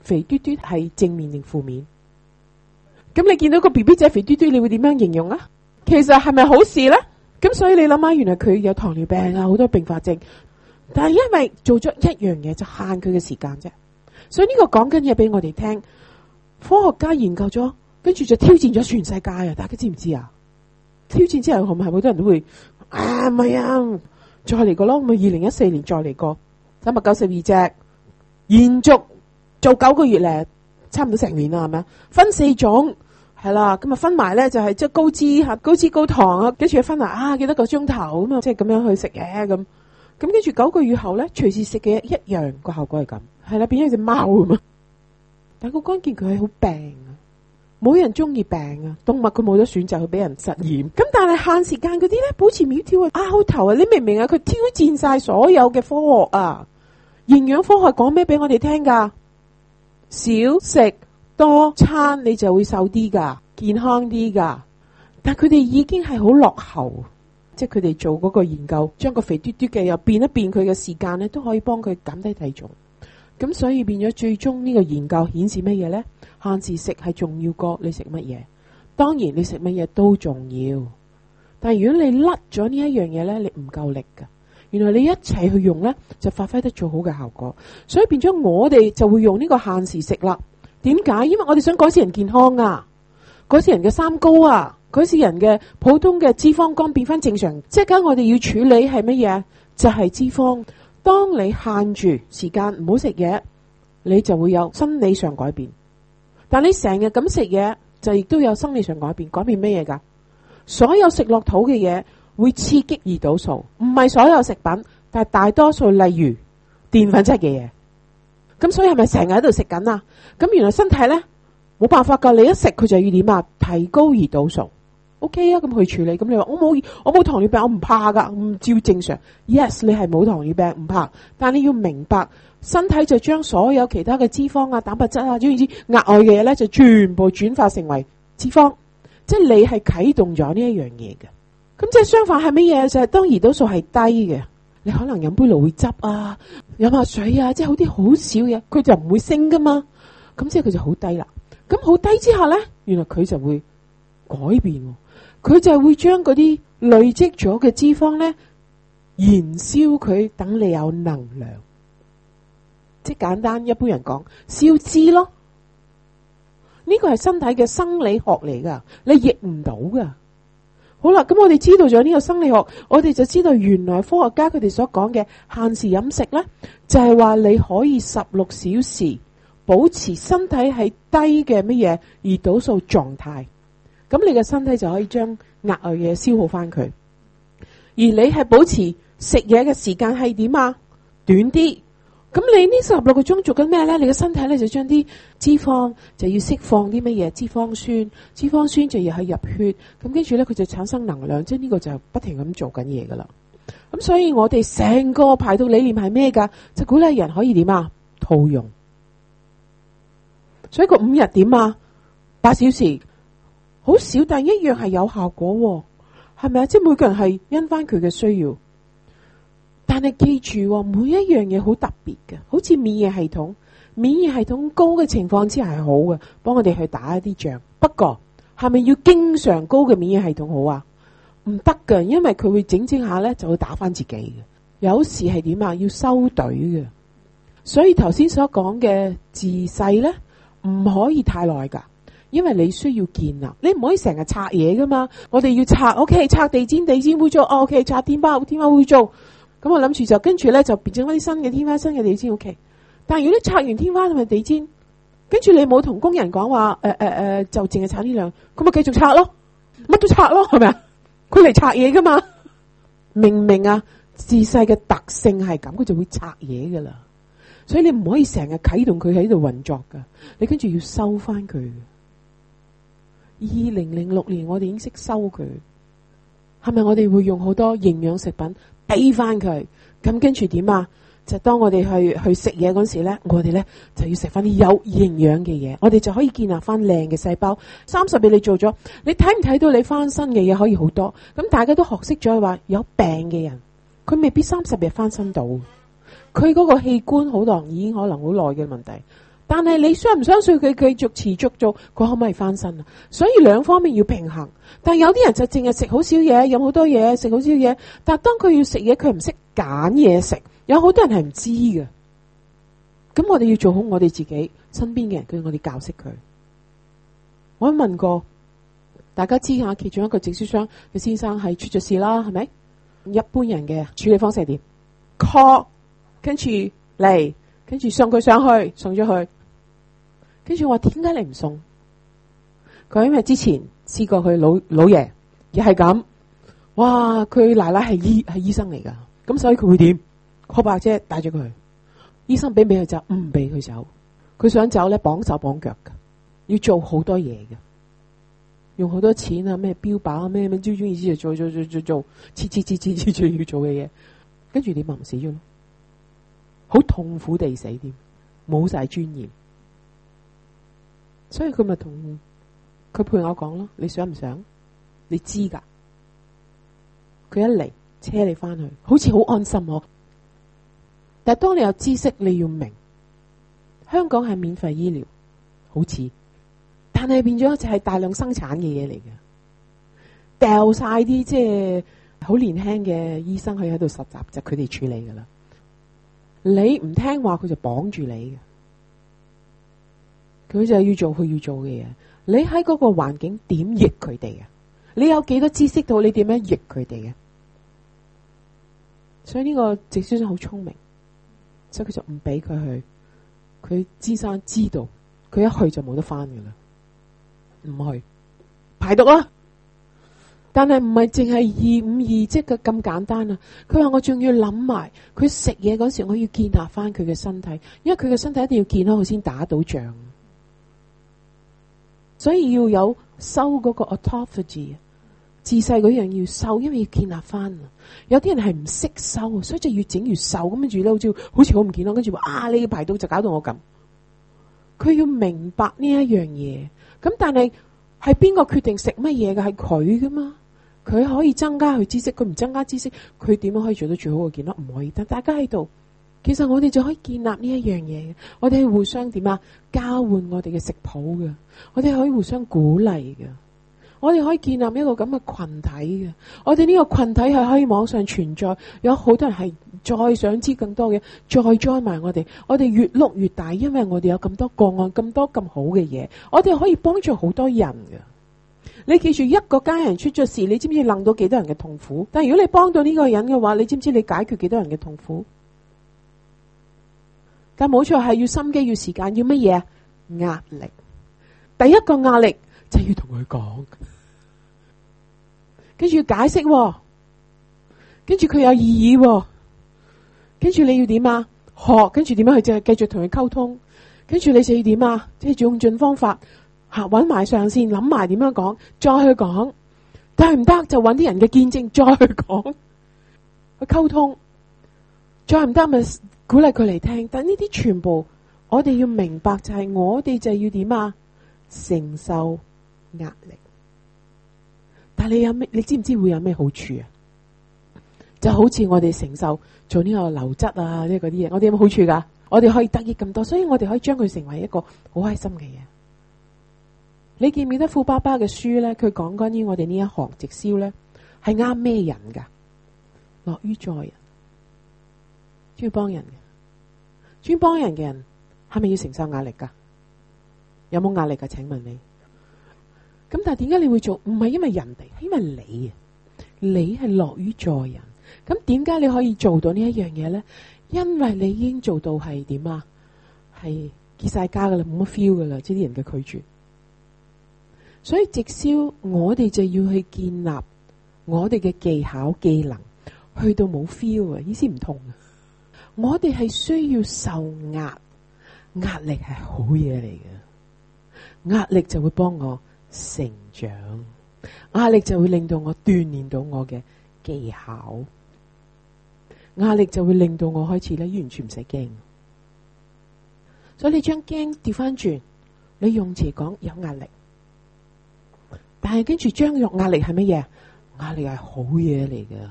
肥嘟嘟係正面定負面？咁你見到個 B B 仔肥嘟嘟，你會點樣形容啊？其實係咪好事咧？咁所以你諗下，原來佢有糖尿病啊，好多併發症。但係因為做咗一樣嘢，就限佢嘅時間啫。所以呢個講緊嘢俾我哋聽。科學家研究咗，跟住就挑戰咗全世界啊！大家知唔知啊？挑戰之後，係咪好多人都會啊？咪係啊，再嚟過咯，咪二零一四年再嚟過三百九十二隻，延續做九個月咧，差唔多成年啦，係咪？分四種。係啦，咁啊分埋咧就係即係高脂吓，高脂高糖啊，跟住分埋啊，幾多個鐘頭啊嘛，即係咁樣去食嘢。咁，咁跟住九個月後咧，隨時食嘅一樣個效果係咁，係啦，變咗隻貓啊，但個關鍵佢係好病啊，冇人中意病啊，動物佢冇得選擇去俾人實驗，咁、嗯、但係限時間嗰啲咧保持苗條啊，拗頭啊，你明唔明啊？佢挑戰晒所有嘅科學啊，營養科學講咩俾我哋聽噶？少食。多餐你就會瘦啲噶，健康啲噶。但佢哋已經係好落後，即係佢哋做嗰個研究，將個肥嘟嘟嘅又變一變，佢嘅時間呢都可以幫佢減低體重。咁所以變咗最終呢個研究顯示乜嘢呢？限時食係重要過你食乜嘢，當然你食乜嘢都重要。但係如果你甩咗呢一樣嘢呢，你唔夠力噶。原來你一齊去用呢，就發揮得最好嘅效果。所以變咗我哋就會用呢個限時食啦。點解？因為我哋想改善人健康啊，改善人嘅三高啊，改善人嘅普通嘅脂肪肝變翻正常。即係我哋要處理係乜嘢？就係脂肪。當你限住時間唔好食嘢，你就會有生理上改變。但你成日咁食嘢，就亦都有生理上改變。改變乜嘢噶？所有食落肚嘅嘢會刺激胰島素，唔係所有食品，但係大多數例如澱粉質嘅嘢。咁所以係咪成日喺度食緊啊？咁原來身體咧冇辦法噶，你一食佢就要點啊？提高胰島素，OK 啊？咁去處理。咁你話我冇我冇糖尿病，我唔怕噶，照正常。Yes，你係冇糖尿病唔怕，但你要明白，身體就將所有其他嘅脂肪啊、蛋白質啊，總而言之額外嘅嘢咧，就全部轉化成為脂肪。即係你係啟動咗呢一樣嘢嘅。咁即係相反係乜嘢？就係、是、當胰島素係低嘅。你可能飲杯蘆薈汁啊，飲下水啊，即係好啲好少嘅，佢就唔會升噶嘛。咁即係佢就好低啦。咁好低之下咧，原來佢就會改變，佢就會將嗰啲累積咗嘅脂肪咧，燃燒佢等你有能量。即係簡單，一般人講燒脂咯。呢個係身體嘅生理學嚟噶，你逆唔到噶。好啦，咁我哋知道咗呢個生理學，我哋就知道原來科學家佢哋所講嘅限時飲食呢，就係話你可以十六小時保持身體係低嘅乜嘢胰島素狀態，咁你嘅身體就可以將額外嘢消耗翻佢，而你係保持食嘢嘅時間係點啊？短啲。咁你呢十六個鐘做緊咩咧？你嘅身體咧就將啲脂肪就要釋放啲乜嘢？脂肪酸，脂肪酸就要去入血。咁跟住咧佢就產生能量，即係呢個就不停咁做緊嘢噶啦。咁所以我哋成個排毒理念係咩噶？就鼓勵人可以點啊？套用。所以個五日點啊？八小時，好少但一樣係有效果喎，係咪啊？即係每個人係因翻佢嘅需要。但係記住、哦，每一樣嘢好特別嘅，好似免疫系統，免疫系統高嘅情況之下係好嘅，幫我哋去打一啲仗。不過係咪要經常高嘅免疫系統好啊？唔得噶，因為佢會整整下咧，就會打翻自己嘅。有時係點啊？要收隊嘅。所以頭先所講嘅自細咧，唔可以太耐噶，因為你需要建立，你唔可以成日拆嘢噶嘛。我哋要拆，O、OK, K，拆地氈，地氈會做；O K，拆天包，板，天花板會做。咁、嗯、我諗住就跟住咧，就變整翻啲新嘅天花、新嘅地氈。OK，但係如果你拆完天花同埋地氈，跟住你冇同工人講話，誒誒誒，就淨係拆呢兩，咁咪繼續拆咯，乜都拆咯，係咪啊？佢嚟拆嘢噶嘛？明明啊，自細嘅特性係咁，佢就會拆嘢噶啦。所以你唔可以成日啟動佢喺度運作噶，你跟住要收翻佢。二零零六年我哋已經識收佢，係咪？我哋會用好多營養食品。俾翻佢，咁跟住點啊？就當我哋去去食嘢嗰時呢，我哋呢就要食翻啲有營養嘅嘢，我哋就可以建立翻靚嘅細胞。三十日你做咗，你睇唔睇到你翻身嘅嘢可以好多？咁大家都學識咗話，有病嘅人，佢未必三十日翻身到，佢嗰個器官好多，已經可能好耐嘅問題。但係你相唔相信佢繼續持續做，佢可唔可以翻身啊？所以兩方面要平衡。但有啲人就淨係食好少嘢，飲好多嘢，食好少嘢。但當佢要食嘢，佢唔識揀嘢食。有好多人係唔知嘅。咁我哋要做好我哋自己身邊嘅人，佢我哋教識佢。我問過大家知下，其中一個直銷商嘅先生係出咗事啦，係咪？一般人嘅處理方式係點？call 跟住嚟，跟住送佢上去，送咗去。跟住我話，點解你唔送？佢因為之前試過佢老老爺，又係咁。哇！佢奶奶係醫係醫生嚟噶，咁所以佢會點？學白姐帶住佢，醫生俾唔俾佢走？唔俾佢走，佢想走咧，綁手綁腳噶，要做好多嘢噶，用好多錢啊，咩標靶啊，咩最中意做做做做做，切切切切切最要做嘅嘢，跟住點啊？唔死咗囉，好痛苦地死添，冇晒尊嚴。所以佢咪同佢陪我講咯，你想唔想？你知噶，佢一嚟車你翻去，好似好安心我。但係當你有知識，你要明，香港係免費醫療，好似，但係變咗就係大量生產嘅嘢嚟嘅，掉晒啲即係好年輕嘅醫生去喺度實習，就佢哋處理噶啦。你唔聽話，佢就綁住你嘅。佢就係要做佢要做嘅嘢。你喺嗰個環境點譯佢哋啊？你有幾多知識到？你點樣譯佢哋啊？所以呢個直先生好聰明，所以佢就唔俾佢去。佢知生知道，佢一去就冇得翻噶啦，唔去排毒啊，但係唔係淨係二五二職嘅咁簡單啊？佢話我仲要諗埋佢食嘢嗰時，我要建立翻佢嘅身體，因為佢嘅身體一定要健康，佢先打到仗。所以要有收嗰個 autophagy，自細嗰樣要收，因為要建立翻。有啲人係唔識收，所以就越整越瘦咁跟住咧，好似好唔健康。跟住話啊，你排到就搞到我咁。佢要明白呢一樣嘢，咁但係係邊個決定食乜嘢嘅？係佢噶嘛？佢可以增加佢知識，佢唔增加知識，佢點樣可以做到最好嘅健康？唔可以。但大家喺度。其實我哋就可以建立呢一樣嘢，我哋係互相點啊，交換我哋嘅食譜嘅，我哋可以互相鼓勵嘅。我哋可以建立一個咁嘅群體嘅。我哋呢個群體係可以網上存在，有好多人係再想知更多嘅，再 join 埋我哋。我哋越錄越大，因為我哋有咁多個案，咁多咁好嘅嘢，我哋可以幫助好多人嘅。你記住，一個家人出咗事，你知唔知令到幾多人嘅痛苦？但係如果你幫到呢個人嘅話，你知唔知你解決幾多人嘅痛苦？但冇錯，係要心機，要時間，要乜嘢壓力？第一個壓力，就係要同佢講，跟住要解釋，跟住佢有意義，跟住你要點啊？學，跟住點樣去？即係繼續同佢溝通，跟住你就要點啊？即係用盡方法吓，揾埋上線，諗埋點樣講，再去講。但係唔得就揾啲人嘅見證再去講，去溝通。再唔得咪？鼓勵佢嚟聽，但呢啲全部我哋要明白，就係我哋就要點啊？承受壓力，但你有咩？你知唔知會有咩好處啊？就好似我哋承受做呢個流質啊，即係嗰啲嘢，我哋有冇好處噶？我哋可以得益咁多，所以我哋可以將佢成為一個好開心嘅嘢。你見唔見得富爸爸嘅書咧？佢講關於我哋呢一行直銷咧，係啱咩人噶？樂於助人。專幫人嘅，專幫人嘅人係咪要承受壓力噶？有冇壓力噶？請問你咁？但係點解你會做？唔係因為人哋，係因為你啊。你係樂於助人，咁點解你可以做到呢一樣嘢咧？因為你已經做到係點啊？係結晒痂噶啦，冇乜 feel 噶啦。即啲人嘅拒絕，所以直銷我哋就要去建立我哋嘅技巧、技能，去到冇 feel 啊。意思唔同啊。我哋係需要受壓，壓力係好嘢嚟嘅，壓力就會幫我成長，壓力就會令到我鍛煉到我嘅技巧，壓力就會令到我開始咧完全唔使驚，所以你將驚調翻轉，你用詞講有壓力，但係跟住將用壓力係乜嘢？壓力係好嘢嚟嘅。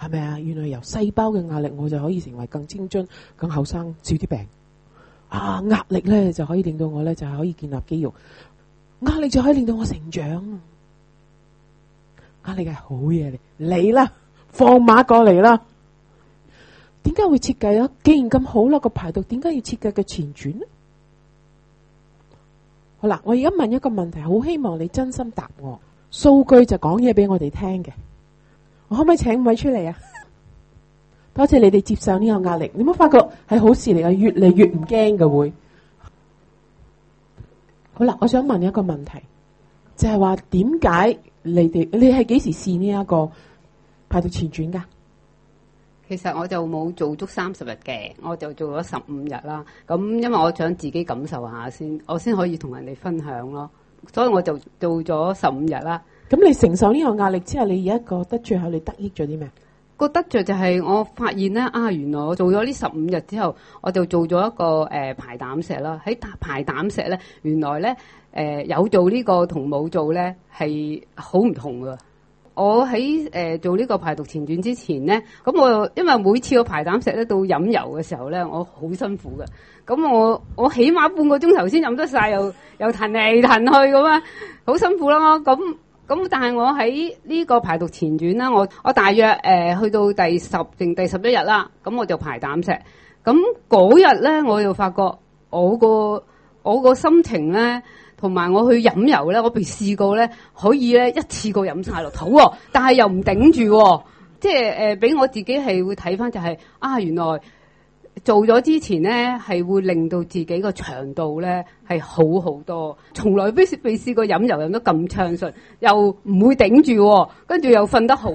係咪啊？原來由細胞嘅壓力，我就可以成為更青春、更後生，少啲病。啊，壓力咧就可以令到我咧就係可以建立肌肉，壓力就可以令到我成長。壓力嘅好嘢嚟，嚟啦，放馬過嚟啦！點解會設計啊？既然咁好啦，個排毒點解要設計嘅前傳呢？好啦，我而家問一個問題，好希望你真心答我。數據就講嘢俾我哋聽嘅。我可唔可以請五位出嚟啊？多謝你哋接受呢個壓力，你冇發覺係好事嚟噶，越嚟越唔驚嘅會。好啦，我想問一個問題，就係話，點解你哋你係幾時試呢一個排到前轉噶？其實我就冇做足三十日嘅，我就做咗十五日啦。咁因為我想自己感受下先，我先可以同人哋分享咯。所以我就做咗十五日啦。咁你承受呢個壓力之後，你而家覺得最後你得益咗啲咩？個得着就係我發現咧，啊，原來我做咗呢十五日之後，我就做咗一個誒排膽石啦。喺排膽石咧，原來咧誒有做呢個同冇做咧係好唔同噶。我喺誒做呢個排毒前轉之前咧，咁我因為每次我排膽石咧到飲油嘅時候咧，我好辛苦噶。咁我我起碼半個鐘頭先飲得晒，又又騰嚟騰去咁啊，好辛苦咯。咁咁但係我喺呢個排毒前傳啦，我我大約誒、呃、去到第十定第十一日啦，咁、嗯、我就排膽石。咁嗰日咧，我就發覺我個我個心情咧，同埋我去飲油咧，我被試過咧可以咧一次過飲晒落肚，但係又唔頂住，即係誒俾我自己係會睇翻就係、是、啊原來。做咗之前咧，係會令到自己個腸道咧係好好多，從來未試未試過飲油飲得咁暢順，又唔會頂住，跟住又瞓得好。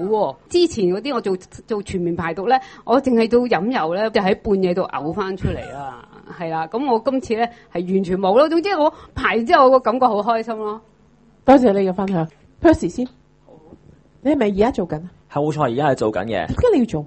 之前嗰啲我做做全面排毒咧，我淨係做飲油咧就喺半夜度嘔翻出嚟啦。係啦，咁我今次咧係完全冇咯。總之我排完之後，我個感覺好開心咯。多謝你嘅分享。Percy 先，你係咪而家做緊啊？係冇，而家係做緊嘅。點解你要做？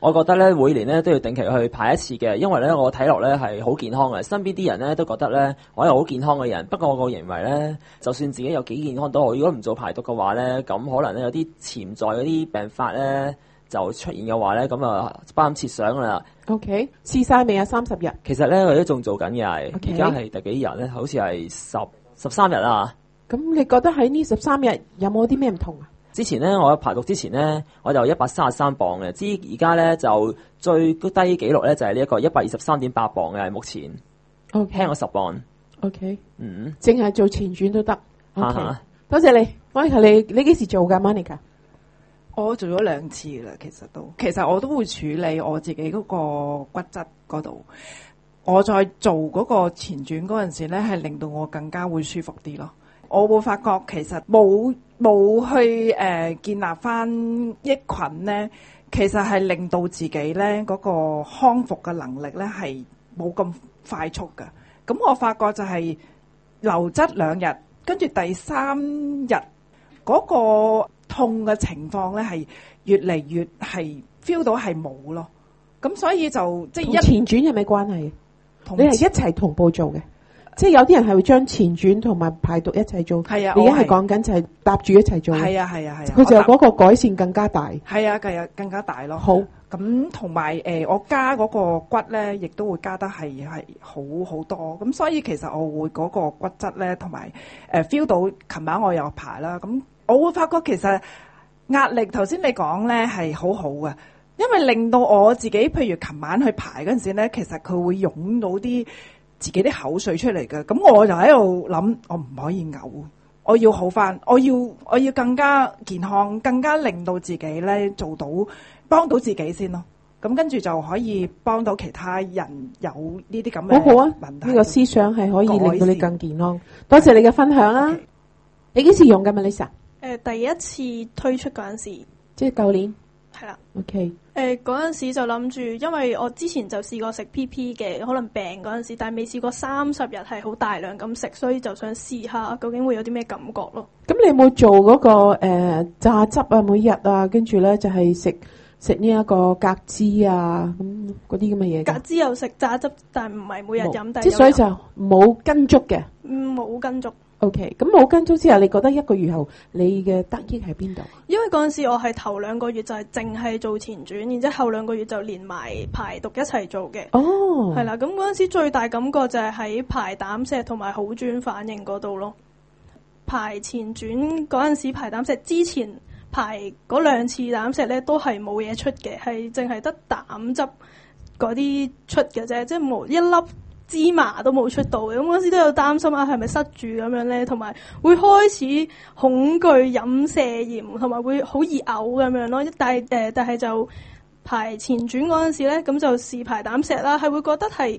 我覺得咧每年咧都要定期去排一次嘅，因為咧我睇落咧係好健康嘅，身邊啲人咧都覺得咧我係好健康嘅人。不過我個認為咧，就算自己有幾健康都好，如果唔做排毒嘅話咧，咁可能咧有啲潛在嗰啲病發咧就出現嘅話咧，咁啊不堪設想啦。OK，試晒未啊？三十日。其實咧佢都仲做緊嘅，而家係第幾日咧？好似係十十三日啦。咁你覺得喺呢十三日有冇啲咩唔同啊？之前咧，我喺排毒之前咧，我就一百三十三磅嘅，之而家咧就最高低紀錄咧就係呢一個一百二十三點八磅嘅目前。OK 我十磅。OK。嗯。淨係做前轉都得。啊、okay. 哈。多謝你。喂你你幾時做噶？Monica，我做咗兩次啦，其實都，其實我都會處理我自己個骨質度。我再做嗰個前轉陣時咧，係令到我更加會舒服啲咯。我會發覺其實冇冇去誒、呃、建立翻益菌咧，其實係令到自己咧嗰、那個康復嘅能力咧係冇咁快速嘅。咁我發覺就係流質兩日，跟住第三日嗰、那個痛嘅情況咧係越嚟越係 feel 到係冇咯。咁所以就即係前轉有咩關係？前你係一齊同步做嘅。即係有啲人係會將前轉同埋排毒一齊做，而家係講緊就係搭住一齊做。係啊，係啊，係啊！佢、啊啊、就嗰個改善更加大。係啊，係啊，更加大咯。好。咁同埋誒，我加嗰個骨咧，亦都會加得係係好好多。咁所以其實我會嗰個骨質咧，同埋誒 feel 到，琴晚我有排啦。咁我會發覺其實壓力頭先你講咧係好好嘅，因為令到我自己，譬如琴晚去排嗰陣時咧，其實佢會湧到啲。自己啲口水出嚟嘅，咁我就喺度諗，我唔可以嘔，我要好翻，我要我要更加健康，更加令到自己咧做到幫到自己先咯。咁跟住就可以幫到其他人有呢啲咁嘅好好啊！呢、這個思想係可以令到你更健康。的多謝你嘅分享啦、啊！Okay. 你幾時用嘅 Melissa 誒、呃，第一次推出嗰陣時，即係舊年。係啦，OK、呃。誒，嗰陣時就諗住，因為我之前就試過食 PP 嘅，可能病嗰陣時，但係未試過三十日係好大量咁食，所以就想試下究竟會有啲咩感覺咯。咁、嗯、你有冇做嗰、那個誒榨、呃、汁啊？每日啊，跟住咧就係食食呢一個格汁啊，咁嗰啲咁嘅嘢。啊、格汁又食榨汁，但係唔係每日飲沒。喝即係所以就冇跟足嘅，冇、嗯、跟足。O K，咁冇跟足之後，你覺得一個月後你嘅得益喺邊度？因為嗰陣時我係頭兩個月就係淨係做前轉，然之後兩個月就連埋排毒一齊做嘅。哦、oh.，係啦，咁嗰陣時最大感覺就係喺排膽石同埋好轉反應嗰度咯。排前轉嗰陣時排膽石之前排嗰兩次膽石咧都係冇嘢出嘅，係淨係得膽汁嗰啲出嘅啫，即係冇一粒。芝麻都冇出到嘅，咁嗰陣時都有擔心啊，係咪塞住咁樣咧？同埋會開始恐懼飲瀉鹽，同埋會好易嘔咁樣咯。但係誒、呃，但係就排前轉嗰陣時咧，咁就試排膽石啦，係會覺得係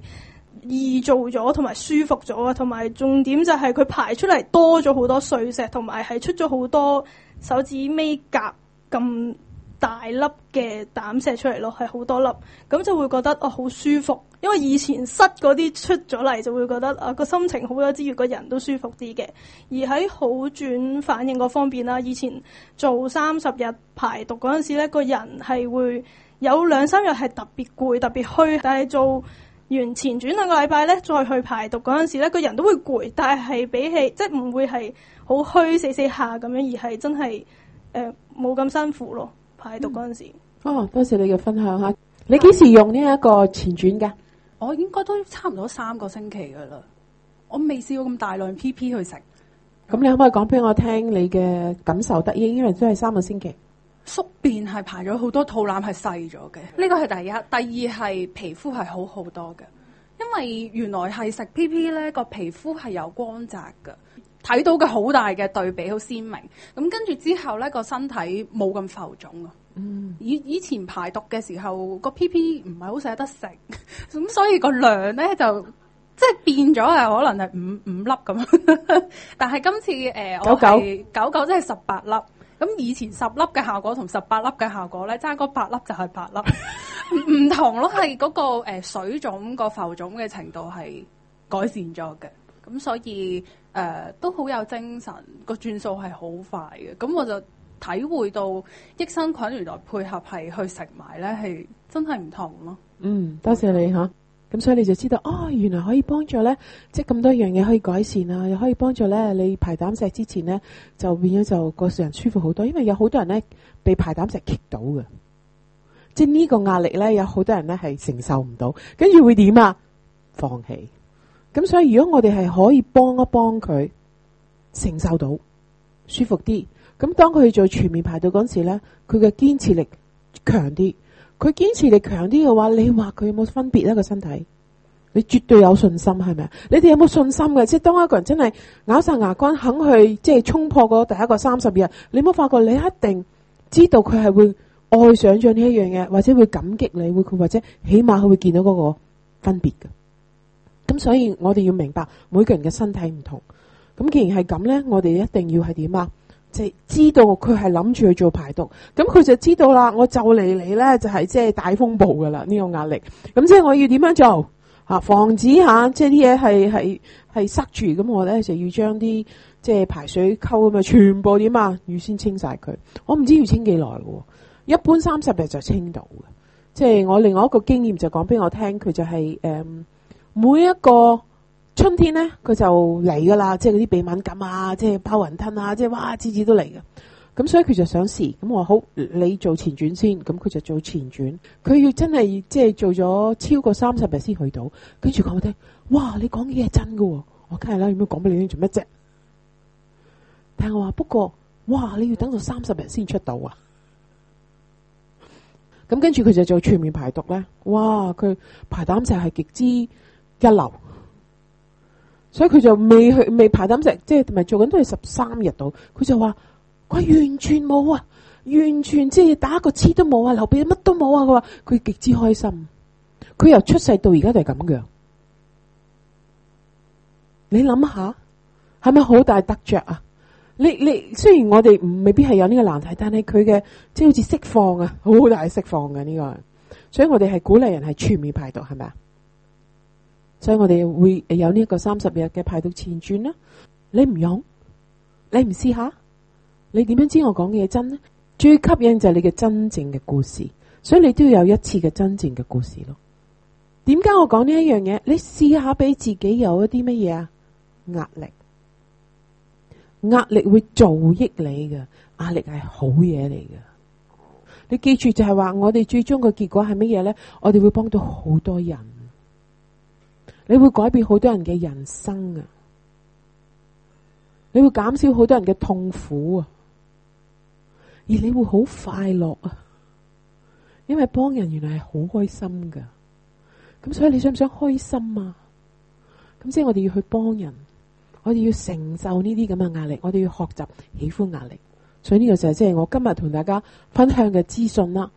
易做咗，同埋舒服咗啊。同埋重點就係佢排出嚟多咗好多碎石，同埋係出咗好多手指尾甲咁大粒嘅膽石出嚟咯，係好多粒咁就會覺得哦好舒服，因為以前塞嗰啲出咗嚟就會覺得啊、哦、個心情好咗之餘，個人都舒服啲嘅。而喺好轉反應嗰方面啦，以前做三十日排毒嗰陣時呢，個人係會有兩三日係特別攰特別虛，但係做完前轉兩個禮拜呢，再去排毒嗰陣時呢，個人都會攰，但係比起即係唔會係好虛死死下咁樣，而係真係誒冇咁辛苦咯。排毒嗰陣時、嗯，哦，多謝你嘅分享吓，你幾時用呢一個前轉嘅？我應該都差唔多三個星期噶啦，我未試過咁大量 PP 去食。咁、嗯、你可唔可以講俾我聽你嘅感受得啲？因為都係三個星期，宿便係排咗好多肚腩，係細咗嘅。呢個係第一，第二係皮膚係好好多嘅，因為原來係食 PP 咧，個皮膚係有光澤嘅。睇到嘅好大嘅對比，好鮮明。咁跟住之後呢個身體冇咁浮腫啊。嗯、以以前排毒嘅時候，個 PP 唔係好捨得食，咁 所以個量呢就即係變咗啊。可能係五五粒咁， 但係今次誒、呃、九九？我係九九，即係十八粒。咁以前十粒嘅效果同十八粒嘅效果呢，差嗰八粒就係八粒唔 同咯。係嗰、 嗰個、呃、水腫個浮腫嘅程度係改善咗嘅。咁所以誒、呃、都好有精神，個轉數係好快嘅。咁我就體會到益生菌原來配合係去食埋咧，係真係唔同咯。嗯，多謝你吓。咁所以你就知道哦，原來可以幫助咧，即係咁多樣嘢可以改善啊，又可以幫助咧，你排膽石之前咧就變咗就個個人舒服好多。因為有好多人咧被排膽石棘到嘅，即係呢個壓力咧有好多人咧係承受唔到，跟住會點啊？放棄。咁所以如果我哋係可以幫一幫佢，承受到舒服啲，咁當佢做全面排毒嗰陣時咧，佢嘅堅持力強啲，佢堅持力強啲嘅話，你話佢有冇分別咧個身體？你絕對有信心係咪啊？你哋有冇信心嘅？即係當一個人真係咬晒牙關，肯去即係衝破嗰第一個三十日，你冇發覺你一定知道佢係會愛上咗呢一樣嘢，或者會感激你會，佢或者起碼佢會見到嗰個分別嘅。咁所以，我哋要明白每個人嘅身體唔同。咁既然係咁咧，我哋一定要係點啊？即係知道佢係諗住去做排毒，咁佢就知道啦。我就嚟嚟咧，就係即係大風暴噶啦。呢個壓力咁即係我要點樣做啊？防止吓，即係啲嘢係係係塞住。咁我咧就要將啲即係排水溝咁啊，全部點啊，預先清曬佢。我唔知要清幾耐咯，一般三十日就清到嘅。即係我另外一個經驗就講俾我聽，佢就係誒。嗯每一個春天咧，佢就嚟噶啦，即係嗰啲鼻敏感啊，即係包雲吞啊，即係哇，次次都嚟嘅。咁所以佢就想試，咁我話好，你做前轉先，咁佢就做前轉。佢要真係即係做咗超過三十日先去到，跟住講我聽，哇！你講嘢係真噶喎，我梗係啦，要唔要講俾你聽做乜啫？但係我話，不過哇，你要等到三十日先出到啊。咁跟住佢就做全面排毒咧，哇！佢排膽石係極之。一流，所以佢就未去未排膽石，即係同埋做緊都係十三日度。佢就話：佢完全冇啊，完全即係打個乞嗤都冇啊，後邊乜都冇啊。佢話佢極之開心，佢由出世到而家都係咁樣。你諗下，係咪好大得着啊？你你雖然我哋唔未必係有呢個難題，但係佢嘅即係好似釋放啊，好大釋放嘅、啊、呢個。所以我哋係鼓勵人係全面排毒，係咪啊？所以我哋會有呢一個三十日嘅排毒前傳啦。你唔用，你唔試下，你點樣知我講嘅嘢真咧？最吸引就係你嘅真正嘅故事，所以你都要有一次嘅真正嘅故事咯。點解我講呢一樣嘢？你試下俾自己有一啲乜嘢啊？壓力，壓力會造益你嘅，壓力係好嘢嚟嘅。你記住就係話，我哋最終嘅結果係乜嘢咧？我哋會幫到好多人。你會改變好多人嘅人生啊！你會減少好多人嘅痛苦啊！而你會好快樂啊！因為幫人原來係好開心㗎，咁所以你想唔想開心啊？咁即係我哋要去幫人，我哋要承受呢啲咁嘅壓力，我哋要學習喜歡壓力。所以呢個就係即係我今日同大家分享嘅資訊啦。